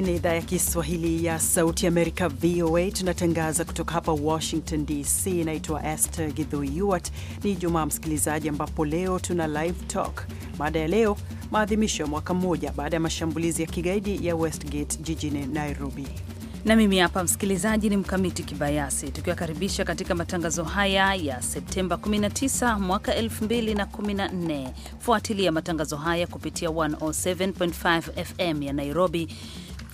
hii ni idhaa ya Kiswahili ya Sauti Amerika, VOA. Tunatangaza kutoka hapa Washington DC. Inaitwa Esther gidhuiuat Ni Jumaa msikilizaji, ambapo leo tuna live talk. Mada ya leo, maadhimisho ya mwaka mmoja baada ya mashambulizi ya kigaidi ya Westgate jijini Nairobi na mimi hapa msikilizaji ni Mkamiti Kibayasi, tukiwakaribisha katika matangazo haya ya Septemba 19 mwaka 2014. Fuatilia matangazo haya kupitia 107.5 FM ya Nairobi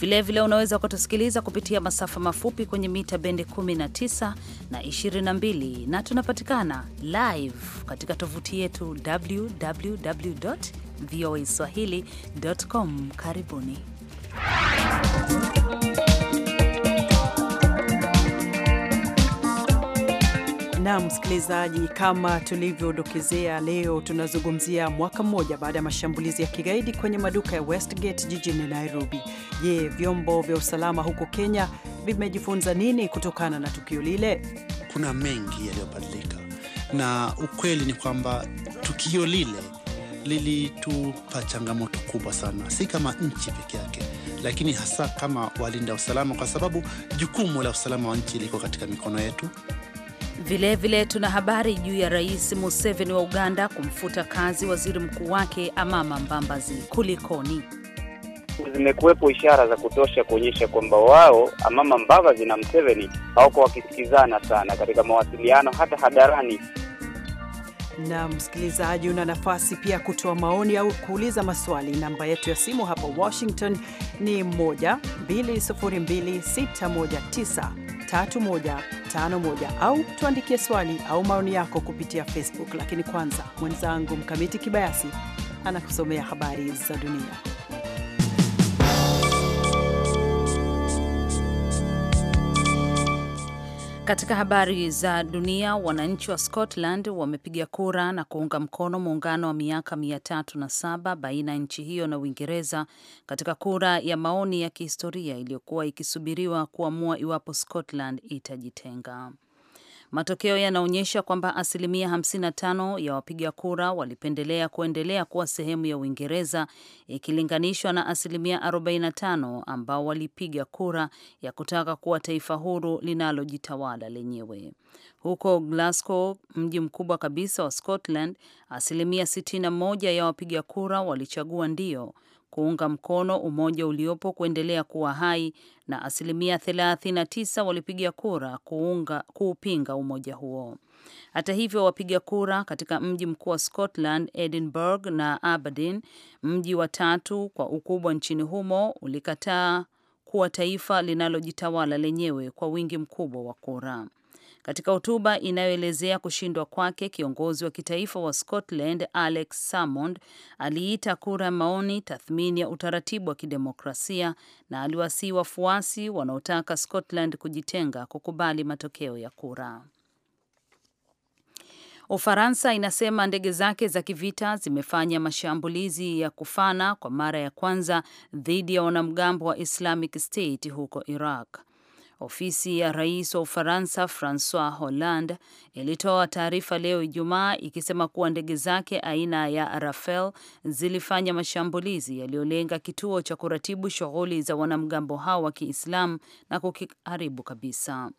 Vilevile vile unaweza kutusikiliza kupitia masafa mafupi kwenye mita bendi 19 na 22, na tunapatikana live katika tovuti yetu www voa swahili.com. Karibuni. Na msikilizaji, kama tulivyodokezea, leo tunazungumzia mwaka mmoja baada ya mashambulizi ya kigaidi kwenye maduka ya Westgate jijini Nairobi. Je, vyombo vya usalama huko Kenya vimejifunza nini kutokana na tukio lile? Kuna mengi yaliyobadilika, na ukweli ni kwamba tukio lile lilitupa changamoto kubwa sana, si kama nchi peke yake, lakini hasa kama walinda usalama, kwa sababu jukumu la usalama wa nchi liko katika mikono yetu Vilevile vile tuna habari juu ya Rais Museveni wa Uganda kumfuta kazi waziri mkuu wake Amama Mbambazi. Kulikoni? Zimekuwepo ishara za kutosha kuonyesha kwamba wao Amama Mbavazi na mseveni hawako wakisikizana sana katika mawasiliano hata hadharani. Na msikilizaji, una nafasi pia kutoa maoni au kuuliza maswali. Namba yetu ya simu hapa Washington ni 120261931 951 au tuandikie swali au maoni yako kupitia Facebook. Lakini kwanza mwenzangu Mkamiti Kibayasi anakusomea habari za dunia. Katika habari za dunia, wananchi wa Scotland wamepiga kura na kuunga mkono muungano wa miaka mia tatu na saba baina ya nchi hiyo na Uingereza katika kura ya maoni ya kihistoria iliyokuwa ikisubiriwa kuamua iwapo Scotland itajitenga. Matokeo yanaonyesha kwamba asilimia 55 ya wapiga kura walipendelea kuendelea kuwa sehemu ya Uingereza ikilinganishwa na asilimia 45 ambao walipiga kura ya kutaka kuwa taifa huru linalojitawala lenyewe. Huko Glasgow, mji mkubwa kabisa wa Scotland, asilimia 61 ya wapiga kura walichagua ndio kuunga mkono umoja uliopo kuendelea kuwa hai na asilimia 39 walipiga kura kuunga, kuupinga umoja huo. Hata hivyo, wapiga kura katika mji mkuu wa Scotland, Edinburgh na Aberdeen, mji wa tatu kwa ukubwa nchini humo, ulikataa kuwa taifa linalojitawala lenyewe kwa wingi mkubwa wa kura. Katika hotuba inayoelezea kushindwa kwake, kiongozi wa kitaifa wa Scotland Alex Salmond aliita kura ya maoni tathmini ya utaratibu wa kidemokrasia na aliwasii wafuasi wanaotaka Scotland kujitenga kukubali matokeo ya kura. Ufaransa inasema ndege zake za kivita zimefanya mashambulizi ya kufana kwa mara ya kwanza dhidi ya wanamgambo wa Islamic State huko Iraq. Ofisi ya rais wa Ufaransa Francois Hollande ilitoa taarifa leo Ijumaa ikisema kuwa ndege zake aina ya Rafale zilifanya mashambulizi yaliyolenga kituo cha kuratibu shughuli za wanamgambo hao wa Kiislamu na kukiharibu kabisa.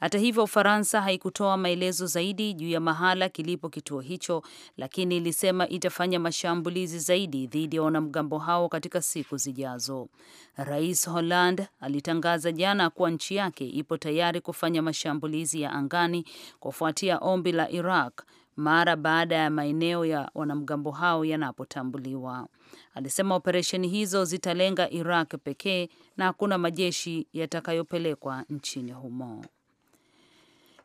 Hata hivyo, Ufaransa haikutoa maelezo zaidi juu ya mahala kilipo kituo hicho, lakini ilisema itafanya mashambulizi zaidi dhidi ya wanamgambo hao katika siku zijazo. Rais Hollande alitangaza jana kuwa nchi yake ipo tayari kufanya mashambulizi ya angani kufuatia ombi la Iraq mara baada ya maeneo ya wanamgambo hao yanapotambuliwa. Alisema operesheni hizo zitalenga Iraq pekee na hakuna majeshi yatakayopelekwa nchini humo.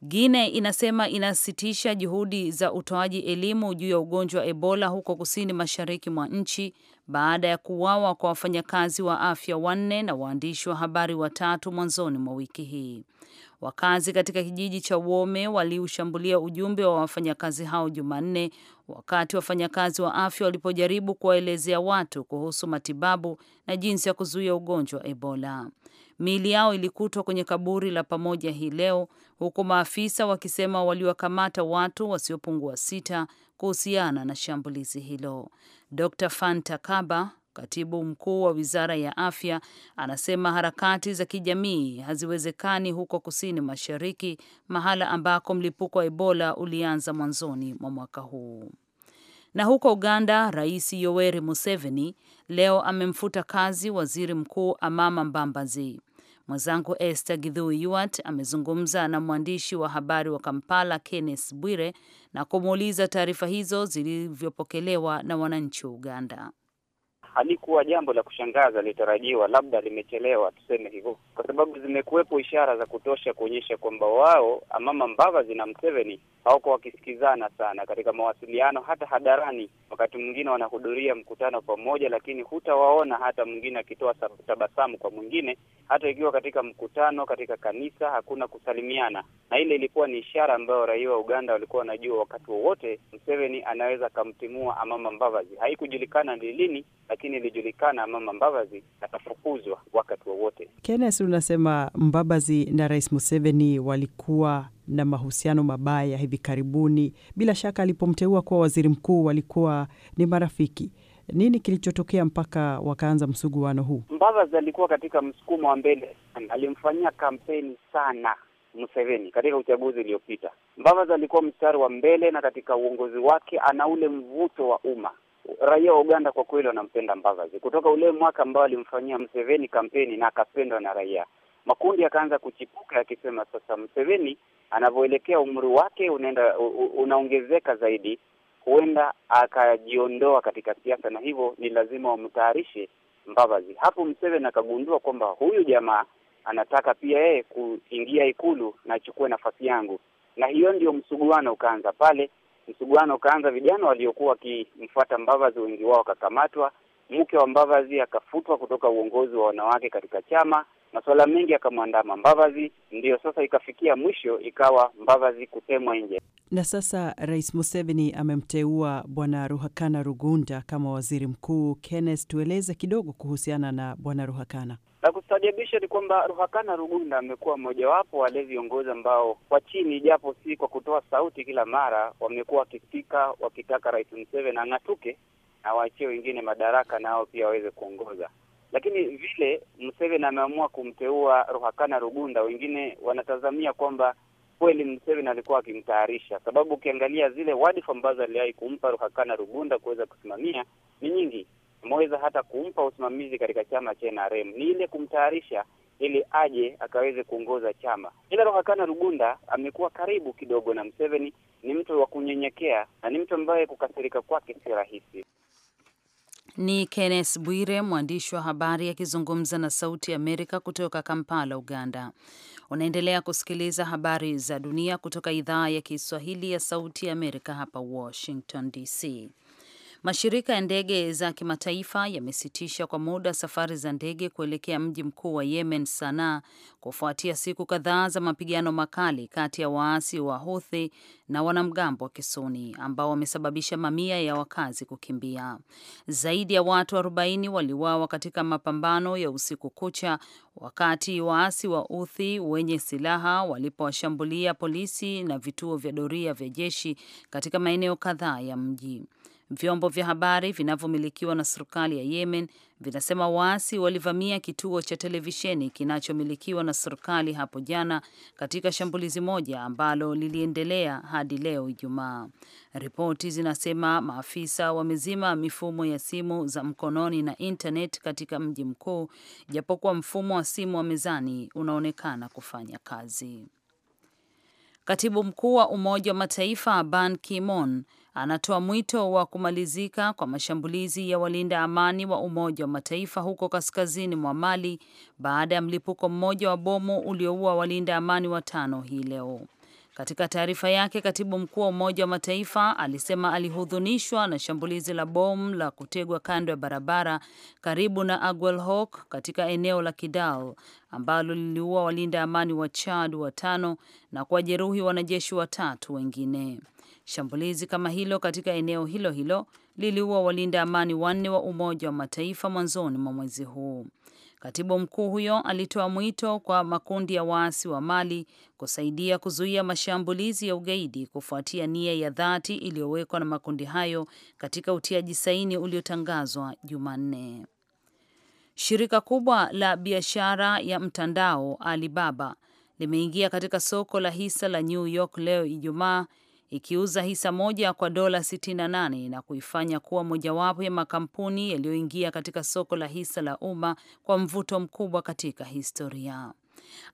Guine inasema inasitisha juhudi za utoaji elimu juu ya ugonjwa wa Ebola huko kusini mashariki mwa nchi baada ya kuuawa kwa wafanyakazi wa afya wanne na waandishi wa habari watatu mwanzoni mwa wiki hii. Wakazi katika kijiji cha Wome waliushambulia ujumbe wa wafanyakazi hao Jumanne wakati wafanyakazi wa afya walipojaribu kuwaelezea watu kuhusu matibabu na jinsi ya kuzuia ugonjwa wa Ebola. Miili yao ilikutwa kwenye kaburi la pamoja hii leo huku maafisa wakisema waliwakamata watu wasiopungua sita kuhusiana na shambulizi hilo. Dr Fanta Kaba, katibu mkuu wa wizara ya afya, anasema harakati za kijamii haziwezekani huko kusini mashariki, mahala ambako mlipuko wa Ebola ulianza mwanzoni mwa mwaka huu. Na huko Uganda, Rais Yoweri Museveni leo amemfuta kazi waziri mkuu Amama Mbambazi. Mwenzangu Esther gidhu yuat amezungumza na mwandishi wa habari wa Kampala Kenneth Bwire na kumuuliza taarifa hizo zilivyopokelewa na wananchi wa Uganda halikuwa jambo la kushangaza litarajiwa, labda limechelewa, tuseme hivyo, kwa sababu zimekuwepo ishara za kutosha kuonyesha kwamba wao Amama Mbabazi na Mseveni hawako wakisikizana sana katika mawasiliano, hata hadharani. Wakati mwingine wanahudhuria mkutano pamoja, lakini hutawaona hata mwingine akitoa tabasamu kwa mwingine, hata ikiwa katika mkutano, katika kanisa hakuna kusalimiana, na ile ilikuwa ni ishara ambayo raia wa Uganda walikuwa wanajua wakati wowote Mseveni anaweza akamtimua Amama Mbabazi. Haikujulikana ni lini, lakini lakini ilijulikana mama Mbabazi atafukuzwa wakati wowote. Kenes, unasema Mbabazi na Rais Museveni walikuwa na mahusiano mabaya hivi karibuni. Bila shaka alipomteua kuwa waziri mkuu walikuwa ni marafiki. Nini kilichotokea mpaka wakaanza msuguano huu? Mbabazi alikuwa katika msukumo wa mbele, alimfanyia kampeni sana Museveni katika uchaguzi uliopita. Mbabazi alikuwa mstari wa mbele, na katika uongozi wake ana ule mvuto wa umma raia wa Uganda kwa kweli wanampenda Mbabazi kutoka ule mwaka ambao alimfanyia Mseveni kampeni na akapendwa na raia. Makundi yakaanza kuchipuka yakisema sasa Mseveni anavyoelekea umri wake unaenda unaongezeka zaidi, huenda akajiondoa katika siasa, na hivyo ni lazima wamtayarishe Mbabazi. Hapo Mseveni akagundua kwamba huyu jamaa anataka pia yeye kuingia Ikulu na achukue nafasi yangu, na hiyo ndio msuguano ukaanza pale msuguano ukaanza, vijana waliokuwa wakimfuata Mbavazi wengi wao wakakamatwa, mke wa Mbavazi akafutwa kutoka uongozi wa wanawake katika chama, masuala mengi yakamwandama Mbavazi, ndiyo sasa ikafikia mwisho ikawa Mbavazi kutemwa nje. Na sasa Rais Museveni amemteua Bwana Ruhakana Rugunda kama waziri mkuu. Kenneth, tueleze kidogo kuhusiana na Bwana Ruhakana. La kustajabisha ni kwamba Ruhakana Rugunda amekuwa mmojawapo wale viongozi ambao kwa chini, japo si kwa kutoa sauti kila mara, wamekuwa wakifika wakitaka Rais Museveni ang'atuke na waachie wengine madaraka, nao pia waweze kuongoza. Lakini vile Museveni ameamua kumteua Ruhakana Rugunda, wengine wanatazamia kwamba kweli mseveni alikuwa akimtayarisha, sababu ukiangalia zile wadifu ambazo aliwahi kumpa Ruhakana Rugunda kuweza kusimamia ni nyingi. Ameweza hata kumpa usimamizi katika chama cha NRM, ni ile kumtayarisha ili aje akaweze kuongoza chama. Ila Ruhakana Rugunda amekuwa karibu kidogo na mseveni ni mtu wa kunyenyekea na ni mtu ambaye kukasirika kwake si rahisi. Ni Kenneth Bwire, mwandishi wa habari akizungumza na Sauti ya Amerika kutoka Kampala, Uganda. Unaendelea kusikiliza habari za dunia kutoka idhaa ya Kiswahili ya Sauti ya Amerika hapa Washington DC. Mashirika ya ndege za kimataifa yamesitisha kwa muda safari za ndege kuelekea mji mkuu wa Yemen, Sanaa, kufuatia siku kadhaa za mapigano makali kati ya waasi wa Houthi na wanamgambo wa Kisuni ambao wamesababisha mamia ya wakazi kukimbia. Zaidi ya watu 40 waliuawa katika mapambano ya usiku kucha wakati waasi wa Houthi wenye silaha walipowashambulia polisi na vituo vya doria vya jeshi katika maeneo kadhaa ya mji. Vyombo vya habari vinavyomilikiwa na serikali ya Yemen vinasema waasi walivamia kituo cha televisheni kinachomilikiwa na serikali hapo jana katika shambulizi moja ambalo liliendelea hadi leo Ijumaa. Ripoti zinasema maafisa wamezima mifumo ya simu za mkononi na intanet katika mji mkuu, japokuwa mfumo wa simu wa mezani unaonekana kufanya kazi. Katibu mkuu wa Umoja wa Mataifa Ban Ki-moon anatoa mwito wa kumalizika kwa mashambulizi ya walinda amani wa Umoja wa Mataifa huko kaskazini mwa Mali baada ya mlipuko mmoja wa bomu ulioua walinda amani watano hii leo. Katika taarifa yake, katibu mkuu wa Umoja wa Mataifa alisema alihudhunishwa na shambulizi la bomu la kutegwa kando ya barabara karibu na Aguelhok katika eneo la Kidal ambalo liliua walinda amani wa Chad watano na kuwajeruhi wanajeshi watatu wengine. Shambulizi kama hilo katika eneo hilo hilo liliua walinda amani wanne wa Umoja wa Mataifa mwanzoni mwa mwezi huu. Katibu mkuu huyo alitoa mwito kwa makundi ya waasi wa Mali kusaidia kuzuia mashambulizi ya ugaidi kufuatia nia ya dhati iliyowekwa na makundi hayo katika utiaji saini uliotangazwa Jumanne. Shirika kubwa la biashara ya mtandao Alibaba limeingia katika soko la hisa la New York leo Ijumaa ikiuza hisa moja kwa dola 68 na kuifanya kuwa mojawapo ya makampuni yaliyoingia katika soko la hisa la umma kwa mvuto mkubwa katika historia.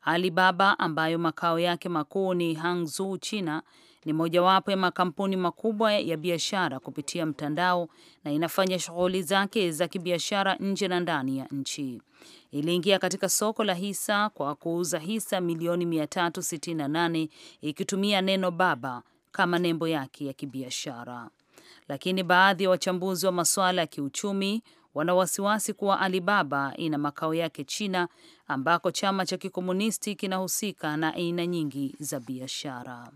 Alibaba ambayo makao yake makuu ni Hangzhou, China ni mojawapo ya makampuni makubwa ya biashara kupitia mtandao na inafanya shughuli zake za kibiashara nje na ndani ya nchi. Iliingia katika soko la hisa kwa kuuza hisa milioni 368 ikitumia neno baba kama nembo yake ya kibiashara. Lakini baadhi ya wachambuzi wa masuala ya kiuchumi wana wasiwasi kuwa Alibaba ina makao yake China, ambako chama cha kikomunisti kinahusika na aina nyingi za biashara.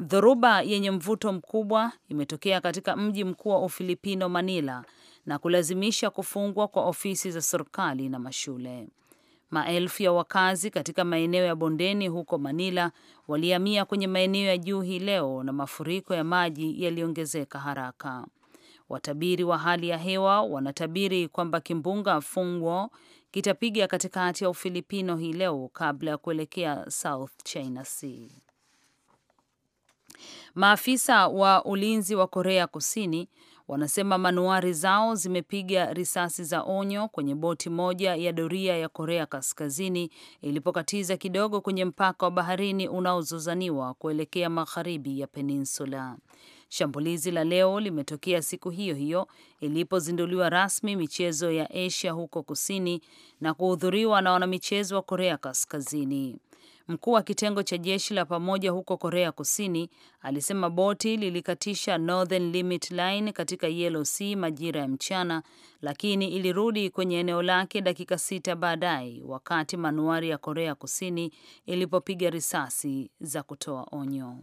Dhoruba yenye mvuto mkubwa imetokea katika mji mkuu wa Ufilipino, Manila, na kulazimisha kufungwa kwa ofisi za serikali na mashule. Maelfu ya wakazi katika maeneo ya bondeni huko Manila walihamia kwenye maeneo ya juu hii leo na mafuriko ya maji yaliongezeka haraka. Watabiri wa hali ya hewa wanatabiri kwamba kimbunga Fungwo kitapiga katikati ya Ufilipino hii leo kabla ya kuelekea South China Sea. Maafisa wa ulinzi wa Korea Kusini wanasema manuari zao zimepiga risasi za onyo kwenye boti moja ya doria ya Korea Kaskazini ilipokatiza kidogo kwenye mpaka wa baharini unaozozaniwa kuelekea magharibi ya peninsula. Shambulizi la leo limetokea siku hiyo hiyo ilipozinduliwa rasmi michezo ya Asia huko kusini na kuhudhuriwa na wanamichezo wa Korea Kaskazini. Mkuu wa kitengo cha jeshi la pamoja huko Korea Kusini alisema boti lilikatisha Northern Limit Line katika Yellow Sea majira ya mchana, lakini ilirudi kwenye eneo lake dakika sita baadaye, wakati manuari ya Korea Kusini ilipopiga risasi za kutoa onyo.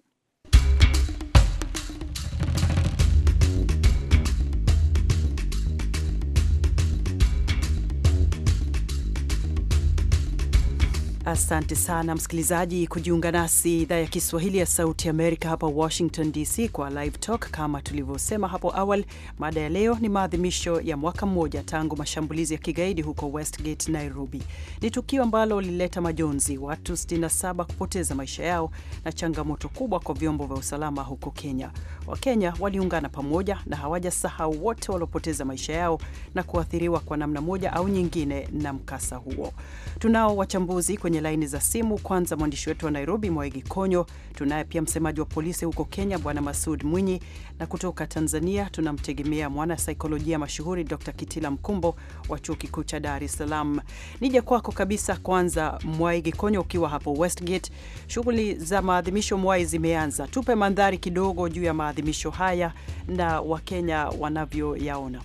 Asante sana msikilizaji kujiunga nasi idhaa ya Kiswahili ya Sauti Amerika hapa Washington DC kwa Live Talk. Kama tulivyosema hapo awali, mada ya leo ni maadhimisho ya mwaka mmoja tangu mashambulizi ya kigaidi huko Westgate, Nairobi. Ni tukio ambalo lilileta majonzi, watu 67 kupoteza maisha yao na changamoto kubwa kwa vyombo vya usalama huko Kenya. Wakenya waliungana pamoja na hawajasahau wote waliopoteza maisha yao na kuathiriwa kwa namna moja au nyingine na mkasa huo. Tunao wachambuzi kwenye laini za simu. Kwanza mwandishi wetu wa Nairobi, Mwaigi Konyo. Tunaye pia msemaji wa polisi huko Kenya, Bwana Masud Mwinyi, na kutoka Tanzania tunamtegemea mwana saikolojia mashuhuri Dr Kitila Mkumbo wa chuo kikuu cha Dar es Salaam. Nije kwako kabisa kwanza, Mwaigi Konyo, ukiwa hapo Westgate, shughuli za maadhimisho mwai zimeanza. Tupe mandhari kidogo juu ya maadhimisho haya na Wakenya wanavyoyaona.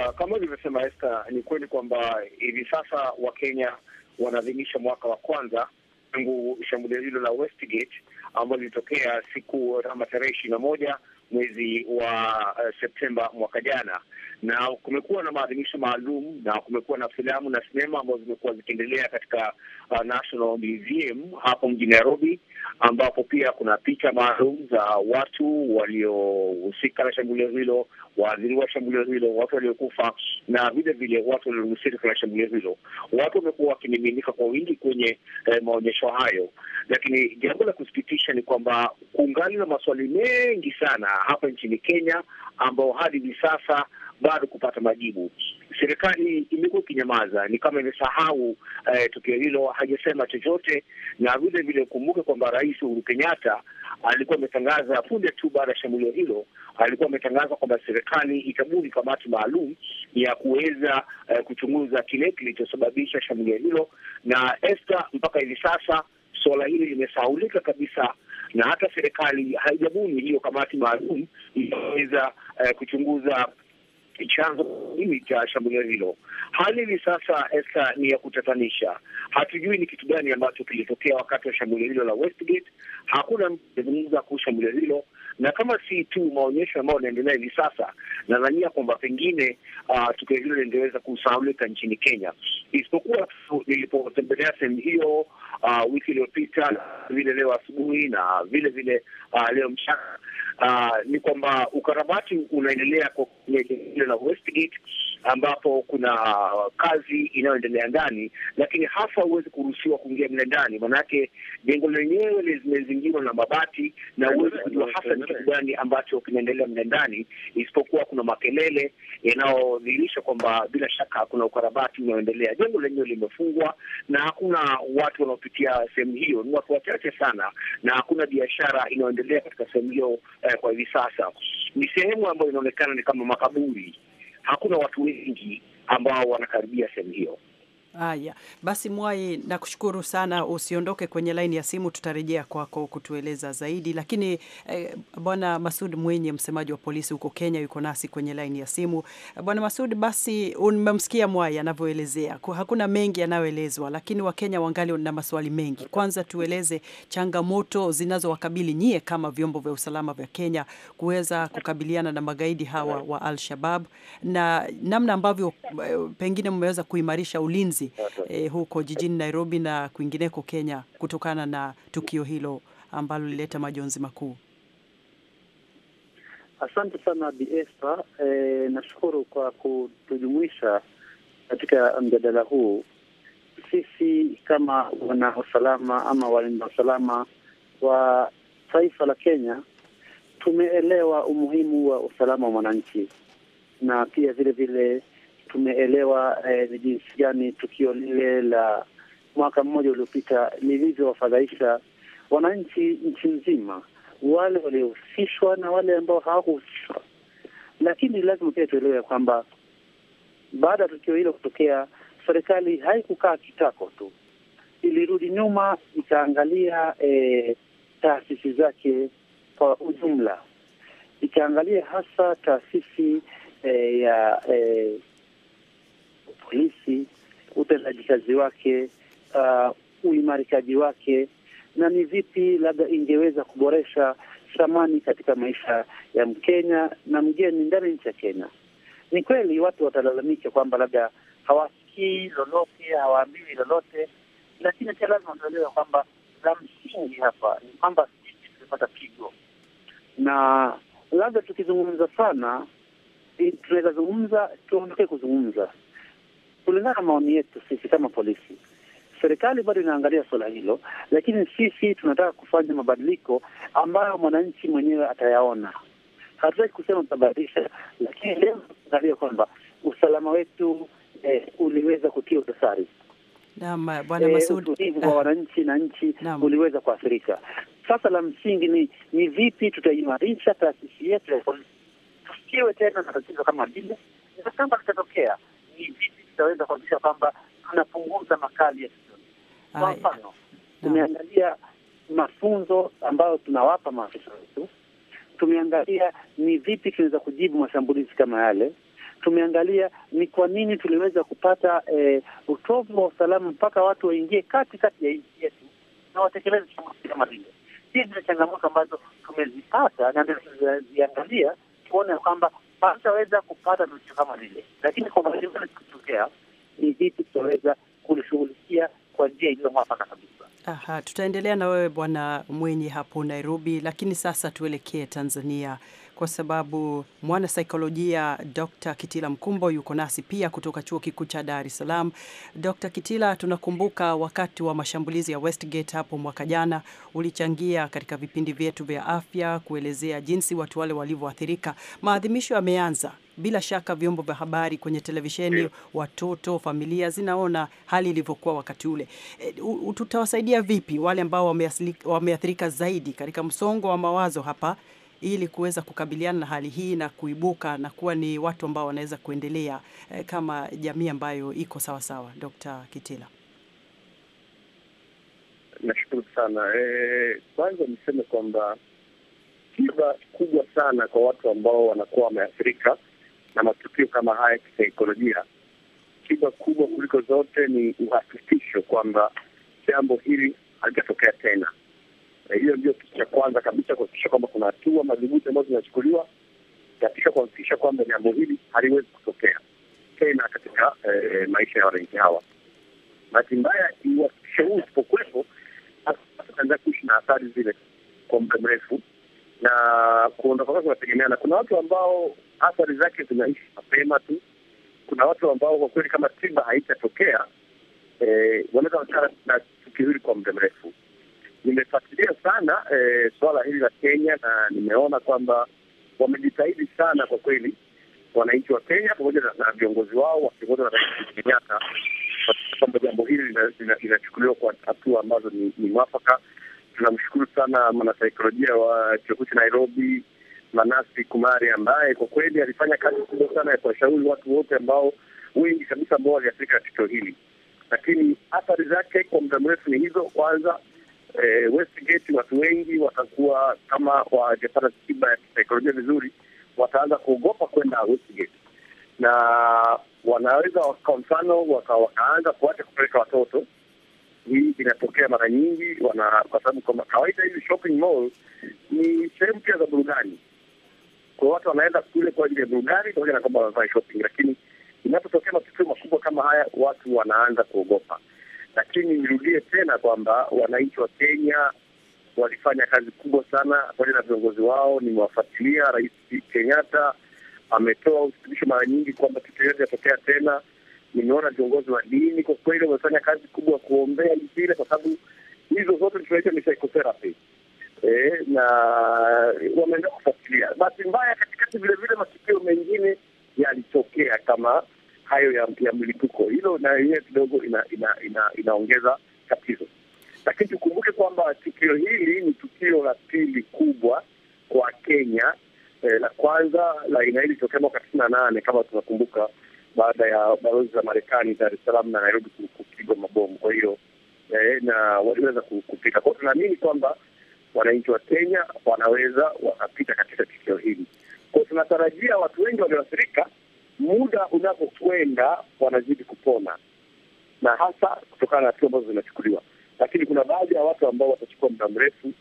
Uh, kama ulivyosema Esta, ni kweli kwamba hivi sasa Wakenya wanaadhimisha mwaka wa kwanza tangu shambulio hilo la Westgate ambalo lilitokea siku ama tarehe ishirini na moja mwezi wa uh, Septemba mwaka jana, na kumekuwa na maadhimisho maalum na kumekuwa na filamu na sinema ambazo zimekuwa zikiendelea katika uh, National Museum hapo mjini Nairobi, ambapo pia kuna picha maalum za watu waliohusika na shambulio hilo, waathiriwa shambulio hilo, watu waliokufa na vile vile watu waliohusika na shambulio hilo. Watu wamekuwa wakimiminika kwa wingi kwenye eh, maonyesho hayo, lakini jambo la kusikitisha ni kwamba kungali na maswali mengi sana hapa nchini Kenya ambao hadi hivi sasa bado kupata majibu. Serikali imekuwa ikinyamaza, ni kama imesahau eh, tukio hilo, hajasema chochote. Na vile vile kumbuka kwamba Rais Uhuru Kenyatta alikuwa ametangaza punde tu baada ya shambulio hilo, alikuwa ametangaza kwamba serikali itabuni kamati maalum ya kuweza eh, kuchunguza kile kilichosababisha shambulio hilo, na Esther, mpaka hivi sasa suala hili limesahulika kabisa na hata serikali haijabuni hiyo kamati maalum inaweza eh, kuchunguza chanzo nini cha shambulio hilo. Hali hivi sasa Esther, ni ya kutatanisha. Hatujui ni kitu gani ambacho kilitokea wakati wa shambulio hilo la Westgate. Hakuna mtu amezungumza kuhusu shambulio hilo, na kama si tu maonyesho ambayo yanaendelea hivi sasa, nadhania kwamba pengine uh, tukio hilo lingeweza kusahaulika nchini Kenya, isipokuwa tu nilipotembelea sehemu hiyo uh, wiki iliyopita vile leo asubuhi na vile vile uh, leo mchana Ah, ni kwamba ukarabati unaendelea kwa na Westgate ambapo kuna kazi inayoendelea ndani, lakini hasa huwezi kuruhusiwa kuingia mle ndani, maanake jengo lenyewe limezingirwa na mabati na huwezi kujua hasa ni kitu gani ambacho kinaendelea mle ndani, isipokuwa kuna makelele yanayodhihirisha kwamba bila shaka kuna ukarabati unaoendelea. Jengo lenyewe limefungwa na hakuna watu wanaopitia sehemu hiyo, ni watu wachache sana, na hakuna biashara inayoendelea katika sehemu hiyo eh. Kwa hivi sasa ni sehemu ambayo inaonekana ni kama makaburi hakuna watu wengi ambao wanakaribia sehemu hiyo. Haya basi, Mwai, nakushukuru sana. Usiondoke kwenye laini ya simu, tutarejea kwako kutueleza zaidi. Lakini eh, bwana Masud Mwinyi, msemaji wa polisi huko Kenya, yuko nasi kwenye laini ya simu. Bwana Masud, basi umemsikia Mwai anavyoelezea, hakuna mengi yanayoelezwa, lakini Wakenya wangali na maswali mengi. Kwanza tueleze changamoto zinazowakabili nyie kama vyombo vya usalama vya Kenya kuweza kukabiliana na magaidi hawa wa Al Shabab na namna ambavyo eh, pengine mmeweza kuimarisha ulinzi binafsi e, eh, huko jijini Nairobi na kwingineko Kenya kutokana na tukio hilo ambalo lilileta majonzi makuu? Asante sana Bi Esther. E, nashukuru kwa kutujumuisha katika mjadala huu. Sisi kama wana usalama ama walinda usalama wa taifa la Kenya tumeelewa umuhimu wa usalama wa mwananchi na pia vile vile tumeelewa eh, ni jinsi gani tukio lile la mwaka mmoja uliopita lilivyowafadhaisha wananchi nchi nzima, wale waliohusishwa na wale ambao hawakuhusishwa. Lakini lazima pia tuelewe kwamba baada ya tukio hilo kutokea, serikali haikukaa kitako tu, ilirudi nyuma ikaangalia eh, taasisi zake kwa ujumla, ikaangalia hasa taasisi eh, ya eh, polisi, utendaji kazi wake, uh, uimarikaji wake, na ni vipi labda ingeweza kuboresha thamani katika maisha ya Mkenya na mgeni ndani nchi ya Kenya. Ni kweli watu watalalamika kwamba labda hawasikii lolote, hawaambiwi lolote, lakini pia lazima tuelewe kwamba la msingi hapa ni kwamba sisi tumepata pigo, na labda tukizungumza sana eh, tunaweza zungumza, kuzungumza, kulingana na maoni yetu sisi kama polisi, serikali bado inaangalia suala hilo, lakini sisi tunataka kufanya mabadiliko ambayo mwananchi mwenyewe atayaona. Hatutaki kusema tutabadilisha, lakini leo tunaangalia kwamba usalama wetu eh, uliweza kutia dosari Naam, eh, Bwana eh, ah. wananchi na nchi uliweza kuathirika. Sasa la msingi ni ni vipi tutaimarisha taasisi yetu ya polisi tusiwe tena na tatizo kama lile, na kama litatokea ni vipi tutaweza kuhakikisha kwamba tunapunguza makali ya kichoni. Kwa mfano, tumeangalia mafunzo ambayo tunawapa maafisa wetu, tumeangalia ni vipi tunaweza kujibu mashambulizi kama yale tumeangalia ni kwa nini tuliweza kupata eh, utovu wa usalama mpaka watu waingie kati kati ya nchi yetu na watekeleze shambulizi kama vile. Hizi ni changamoto ambazo tumezipata na ndio tunaziangalia kuona kwamba hawataweza kupata vitu kama vile, lakini kwa mbalimbali kutokea ni vipi tutaweza kulishughulikia kwa njia iliyo mwafaka kabisa. Aha, tutaendelea na wewe Bwana Mwenye hapo Nairobi, lakini sasa tuelekee Tanzania kwa sababu mwanasaikolojia Dr. Kitila Mkumbo yuko nasi pia kutoka Chuo Kikuu cha Dar es Salaam. Dr. Kitila, tunakumbuka wakati wa mashambulizi ya Westgate hapo mwaka jana ulichangia katika vipindi vyetu vya afya kuelezea jinsi watu wale walivyoathirika. Maadhimisho yameanza. Bila shaka vyombo vya habari kwenye televisheni yeah, watoto, familia zinaona hali ilivyokuwa wakati ule. E, tutawasaidia vipi wale ambao wameathirika zaidi katika msongo wa mawazo hapa ili kuweza kukabiliana na hali hii na kuibuka na kuwa ni watu ambao wanaweza kuendelea eh, kama jamii ambayo iko sawasawa. Dr. Kitila. Nashukuru sana. Eh, kwanza e, niseme kwamba tiba kubwa sana kwa watu ambao wanakuwa wameathirika na matukio kama haya kisaikolojia, tiba kubwa kuliko zote ni uhakikisho kwamba jambo hili halijatokea tena. Eh, hiyo ndio kitu cha kwanza kabisa, kuhakikisha kwamba kuna hatua madhubuti ambazo zinachukuliwa katika kuhakikisha kwamba jambo hili haliwezi kutokea tena katika eh, maisha ya wananchi hawa. Bahati mbaya, iwakikisha huu usipokuwepo, tutaendelea kuishi na athari zile kwa muda mrefu, na kuondoka kwake kunategemeana. Kuna watu ambao athari zake zinaishi mapema tu, kuna watu ambao kwa kweli kama tiba haitatokea, eh, wanaweza wakaa na tukio hili kwa muda mrefu nimefuatilia sana e, eh, suala hili la Kenya na nimeona kwamba wamejitahidi sana kwa kweli wananchi wa Kenya pamoja na viongozi wao wakiongozwa na Rais Kenyatta kwamba jambo hili linachukuliwa kwa hatua ambazo ni, ni mwafaka. Tunamshukuru sana mwanasaikolojia wa chuo kikuu cha Nairobi Manasi Kumari ambaye kwa kweli alifanya kazi kubwa sana ya kuwashauri watu wote ambao wengi kabisa ambao waliathirika na tukio hili, lakini athari zake kwa muda mrefu ni hizo. Kwanza eh, Westgate watu wengi watakuwa kama wajapata tiba ya kisaikolojia vizuri, wataanza kuogopa kwenda Westgate na wanaweza kwa mfano waka, wakaanza kuacha kupeleka watoto. Hii inatokea mara nyingi, kwa sababu kwa kawaida hizi shopping mall ni sehemu pia za burudani, kwa watu wanaenda kule kwa ajili ya burudani pamoja na kwamba wanafanya shopping, lakini inapotokea matukio makubwa kama haya, watu wanaanza kuogopa. Lakini nirudie tena kwamba wananchi wa Kenya walifanya kazi kubwa sana pamoja na viongozi wao. Nimewafuatilia. Rais Kenyatta ametoa uthibitisho mara nyingi kwamba kitu yote yatokea tena. Nimeona viongozi wa dini kwa kweli wamefanya kazi kubwa kuombea isile, kwa sababu hizo zote tunaita ni psychotherapy e, na wameendea kufuatilia. Basi mbaya, katikati vilevile matukio mengine yalitokea kama hayo ya, ya mlipuko. Hilo na yenyewe kidogo ina, ina, ina, inaongeza tatizo, lakini tukumbuke kwamba tukio hili ni tukio la pili kubwa kwa Kenya. Eh, la kwanza la aina hii tokea mwaka tisini na nane kama tunakumbuka, baada ya balozi za Marekani Dar es Salaam na Nairobi kupigwa mabomu. Kwa hiyo eh, na waliweza kupita kwao. Tunaamini kwamba wananchi wa Kenya wanaweza wakapita katika tukio hili kwao. Tunatarajia watu wengi walioathirika muda unapokwenda wanazidi kupona, na hasa kutokana na hatua ambazo zinachukuliwa, lakini kuna baadhi ya watu ambao watachukua muda mrefu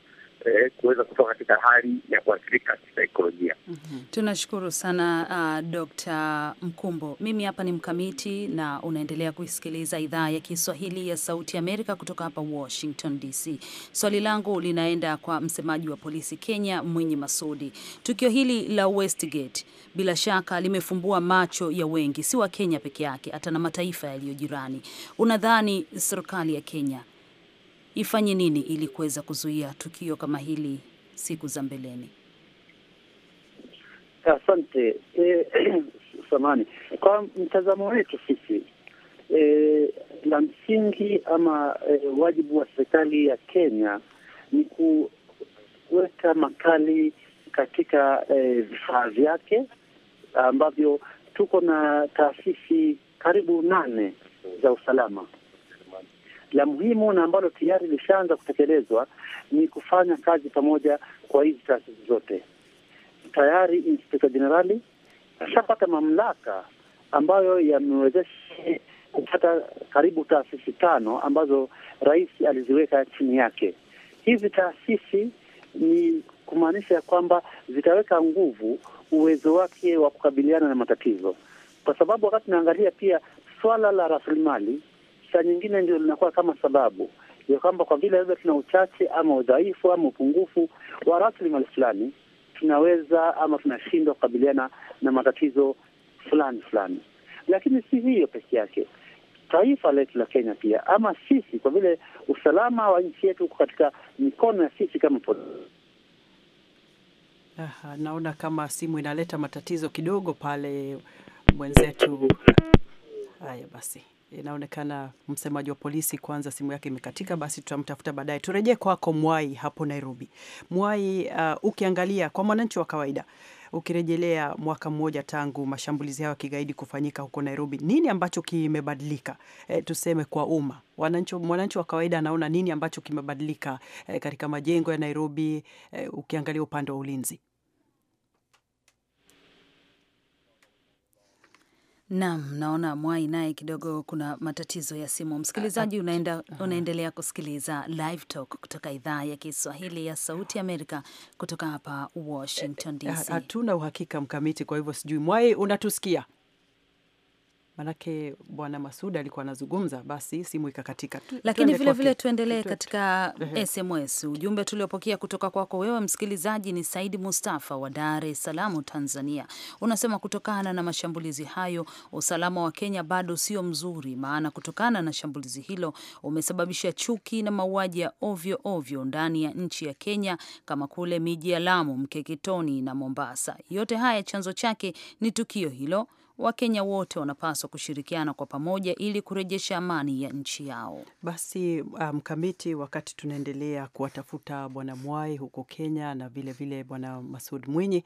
eh, kuweza kutoka katika hali ya kuathirika kisaikolojia. mm -hmm. Tunashukuru sana uh, Dr. Mkumbo. Mimi hapa ni Mkamiti na unaendelea kuisikiliza idhaa ya Kiswahili ya Sauti Amerika kutoka hapa Washington DC. Swali langu linaenda kwa msemaji wa polisi Kenya, Mwinyi Masudi. Tukio hili la Westgate bila shaka limefumbua macho ya wengi, si wa Kenya peke yake, hata na mataifa yaliyo jirani. Unadhani serikali ya Kenya ifanye nini ili kuweza kuzuia tukio kama hili siku za mbeleni? Asante e, samani. Kwa mtazamo wetu sisi e, la msingi ama e, wajibu wa serikali ya Kenya ni kuweka makali katika e, vifaa vyake ambavyo tuko na taasisi karibu nane za usalama la muhimu na ambalo tayari lishaanza kutekelezwa ni kufanya kazi pamoja kwa hizi taasisi zote. Tayari Inspekta Jenerali ashapata mamlaka ambayo yamewezesha kupata karibu taasisi tano ambazo rais aliziweka chini yake. Hizi taasisi ni kumaanisha ya kwamba zitaweka nguvu uwezo wake wa kukabiliana na matatizo, kwa sababu wakati naangalia pia swala la rasilimali saa nyingine ndio linakuwa kama sababu ya kwamba kwa vile labda tuna uchache ama udhaifu ama upungufu wa rasilimali fulani, tunaweza ama tunashindwa kukabiliana na matatizo fulani fulani. Lakini si hiyo peke yake, taifa letu la Kenya pia ama sisi, kwa vile usalama wa nchi yetu uko katika mikono ya sisi kama Aha, naona kama simu inaleta matatizo kidogo pale mwenzetu. Haya basi. Inaonekana msemaji wa polisi kwanza simu yake imekatika, basi tutamtafuta baadaye. Turejee kwako Mwai hapo Nairobi. Mwai, uh, ukiangalia kwa mwananchi wa kawaida, ukirejelea mwaka mmoja tangu mashambulizi hayo ya kigaidi kufanyika huko Nairobi, nini ambacho kimebadilika? E, tuseme kwa umma, mwananchi wa kawaida anaona nini ambacho kimebadilika e, katika majengo ya Nairobi e, ukiangalia upande wa ulinzi? Naam, naona Mwai naye kidogo kuna matatizo ya simu. Msikilizaji ah, ah, unaenda, ah. unaendelea kusikiliza Live Talk kutoka idhaa ya Kiswahili ya Sauti Amerika kutoka hapa Washington eh, eh, DC. Hatuna uhakika mkamiti, kwa hivyo sijui Mwai unatusikia? manake Bwana Masuda alikuwa anazungumza, basi simu ikakatika tu. Lakini vilevile tuendelee katika SMS ujumbe tuliopokea kutoka kwako wewe msikilizaji ni Saidi Mustafa wa Dar es Salaam, Tanzania. Unasema kutokana na mashambulizi hayo usalama wa Kenya bado sio mzuri, maana kutokana na shambulizi hilo umesababisha chuki na mauaji ya ovyo ovyo ndani ya nchi ya Kenya, kama kule miji ya Lamu, Mkeketoni na Mombasa. Yote haya chanzo chake ni tukio hilo Wakenya wote wanapaswa kushirikiana kwa pamoja ili kurejesha amani ya nchi yao. Basi um, mkamiti, um, wakati tunaendelea kuwatafuta Bwana Mwai huko Kenya na vilevile Bwana Masud Mwinyi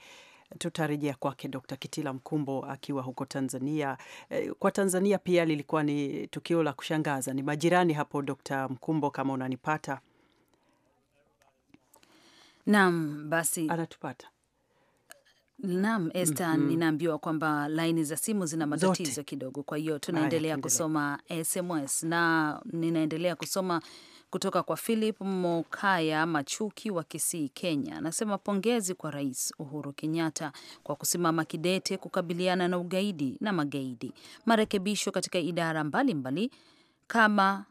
tutarejea kwake Dr. Kitila Mkumbo akiwa huko Tanzania. Eh, kwa Tanzania pia lilikuwa ni tukio la kushangaza, ni majirani hapo. Dr. Mkumbo, kama unanipata? Naam, basi anatupata. Naam, Esther, mm -hmm. Ninaambiwa kwamba laini za simu zina matatizo kidogo, kwa hiyo tunaendelea kusoma SMS na ninaendelea kusoma kutoka kwa Philip Mokaya Machuki wa Kisii, Kenya, anasema pongezi kwa Rais Uhuru Kenyatta kwa kusimama kidete kukabiliana na ugaidi na magaidi, marekebisho katika idara mbalimbali mbali, kama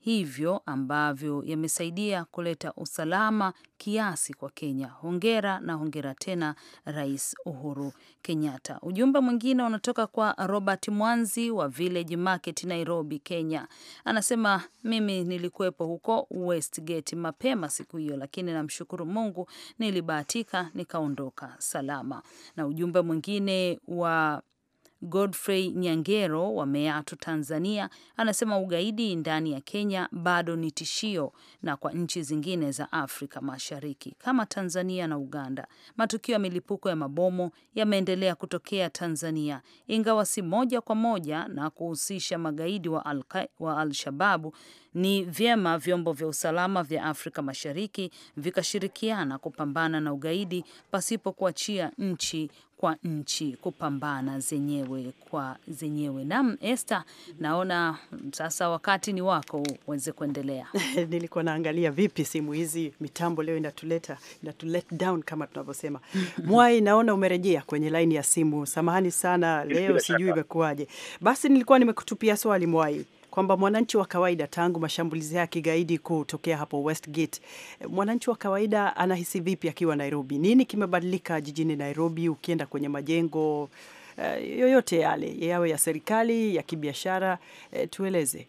hivyo ambavyo yamesaidia kuleta usalama kiasi kwa Kenya. Hongera na hongera tena, Rais Uhuru Kenyatta. Ujumbe mwingine unatoka kwa Robert Mwanzi wa Village Market, Nairobi, Kenya. Anasema, mimi nilikuwepo huko Westgate mapema siku hiyo, lakini namshukuru Mungu nilibahatika nikaondoka salama. Na ujumbe mwingine wa Godfrey Nyangero wa Meatu, Tanzania, anasema ugaidi ndani ya Kenya bado ni tishio na kwa nchi zingine za Afrika Mashariki kama Tanzania na Uganda. Matukio ya milipuko ya mabomu yameendelea kutokea Tanzania, ingawa si moja kwa moja na kuhusisha magaidi wa al wa Al-Shababu. Ni vyema vyombo vya usalama vya Afrika Mashariki vikashirikiana kupambana na ugaidi pasipo kuachia nchi kwa nchi kupambana zenyewe kwa zenyewe. Naam, Esther, naona sasa wakati ni wako uweze kuendelea. Nilikuwa naangalia vipi simu hizi, mitambo leo inatuleta inatulet down kama tunavyosema. Mwai, naona umerejea kwenye laini ya simu. Samahani sana leo, sijui imekuwaje. Basi nilikuwa nimekutupia swali Mwai kwamba mwananchi wa kawaida tangu mashambulizi haya ya kigaidi kutokea hapo Westgate, mwananchi wa kawaida anahisi vipi akiwa Nairobi? Nini kimebadilika jijini Nairobi, ukienda kwenye majengo eh, yoyote yale, yawe ya serikali, ya kibiashara? Eh, tueleze.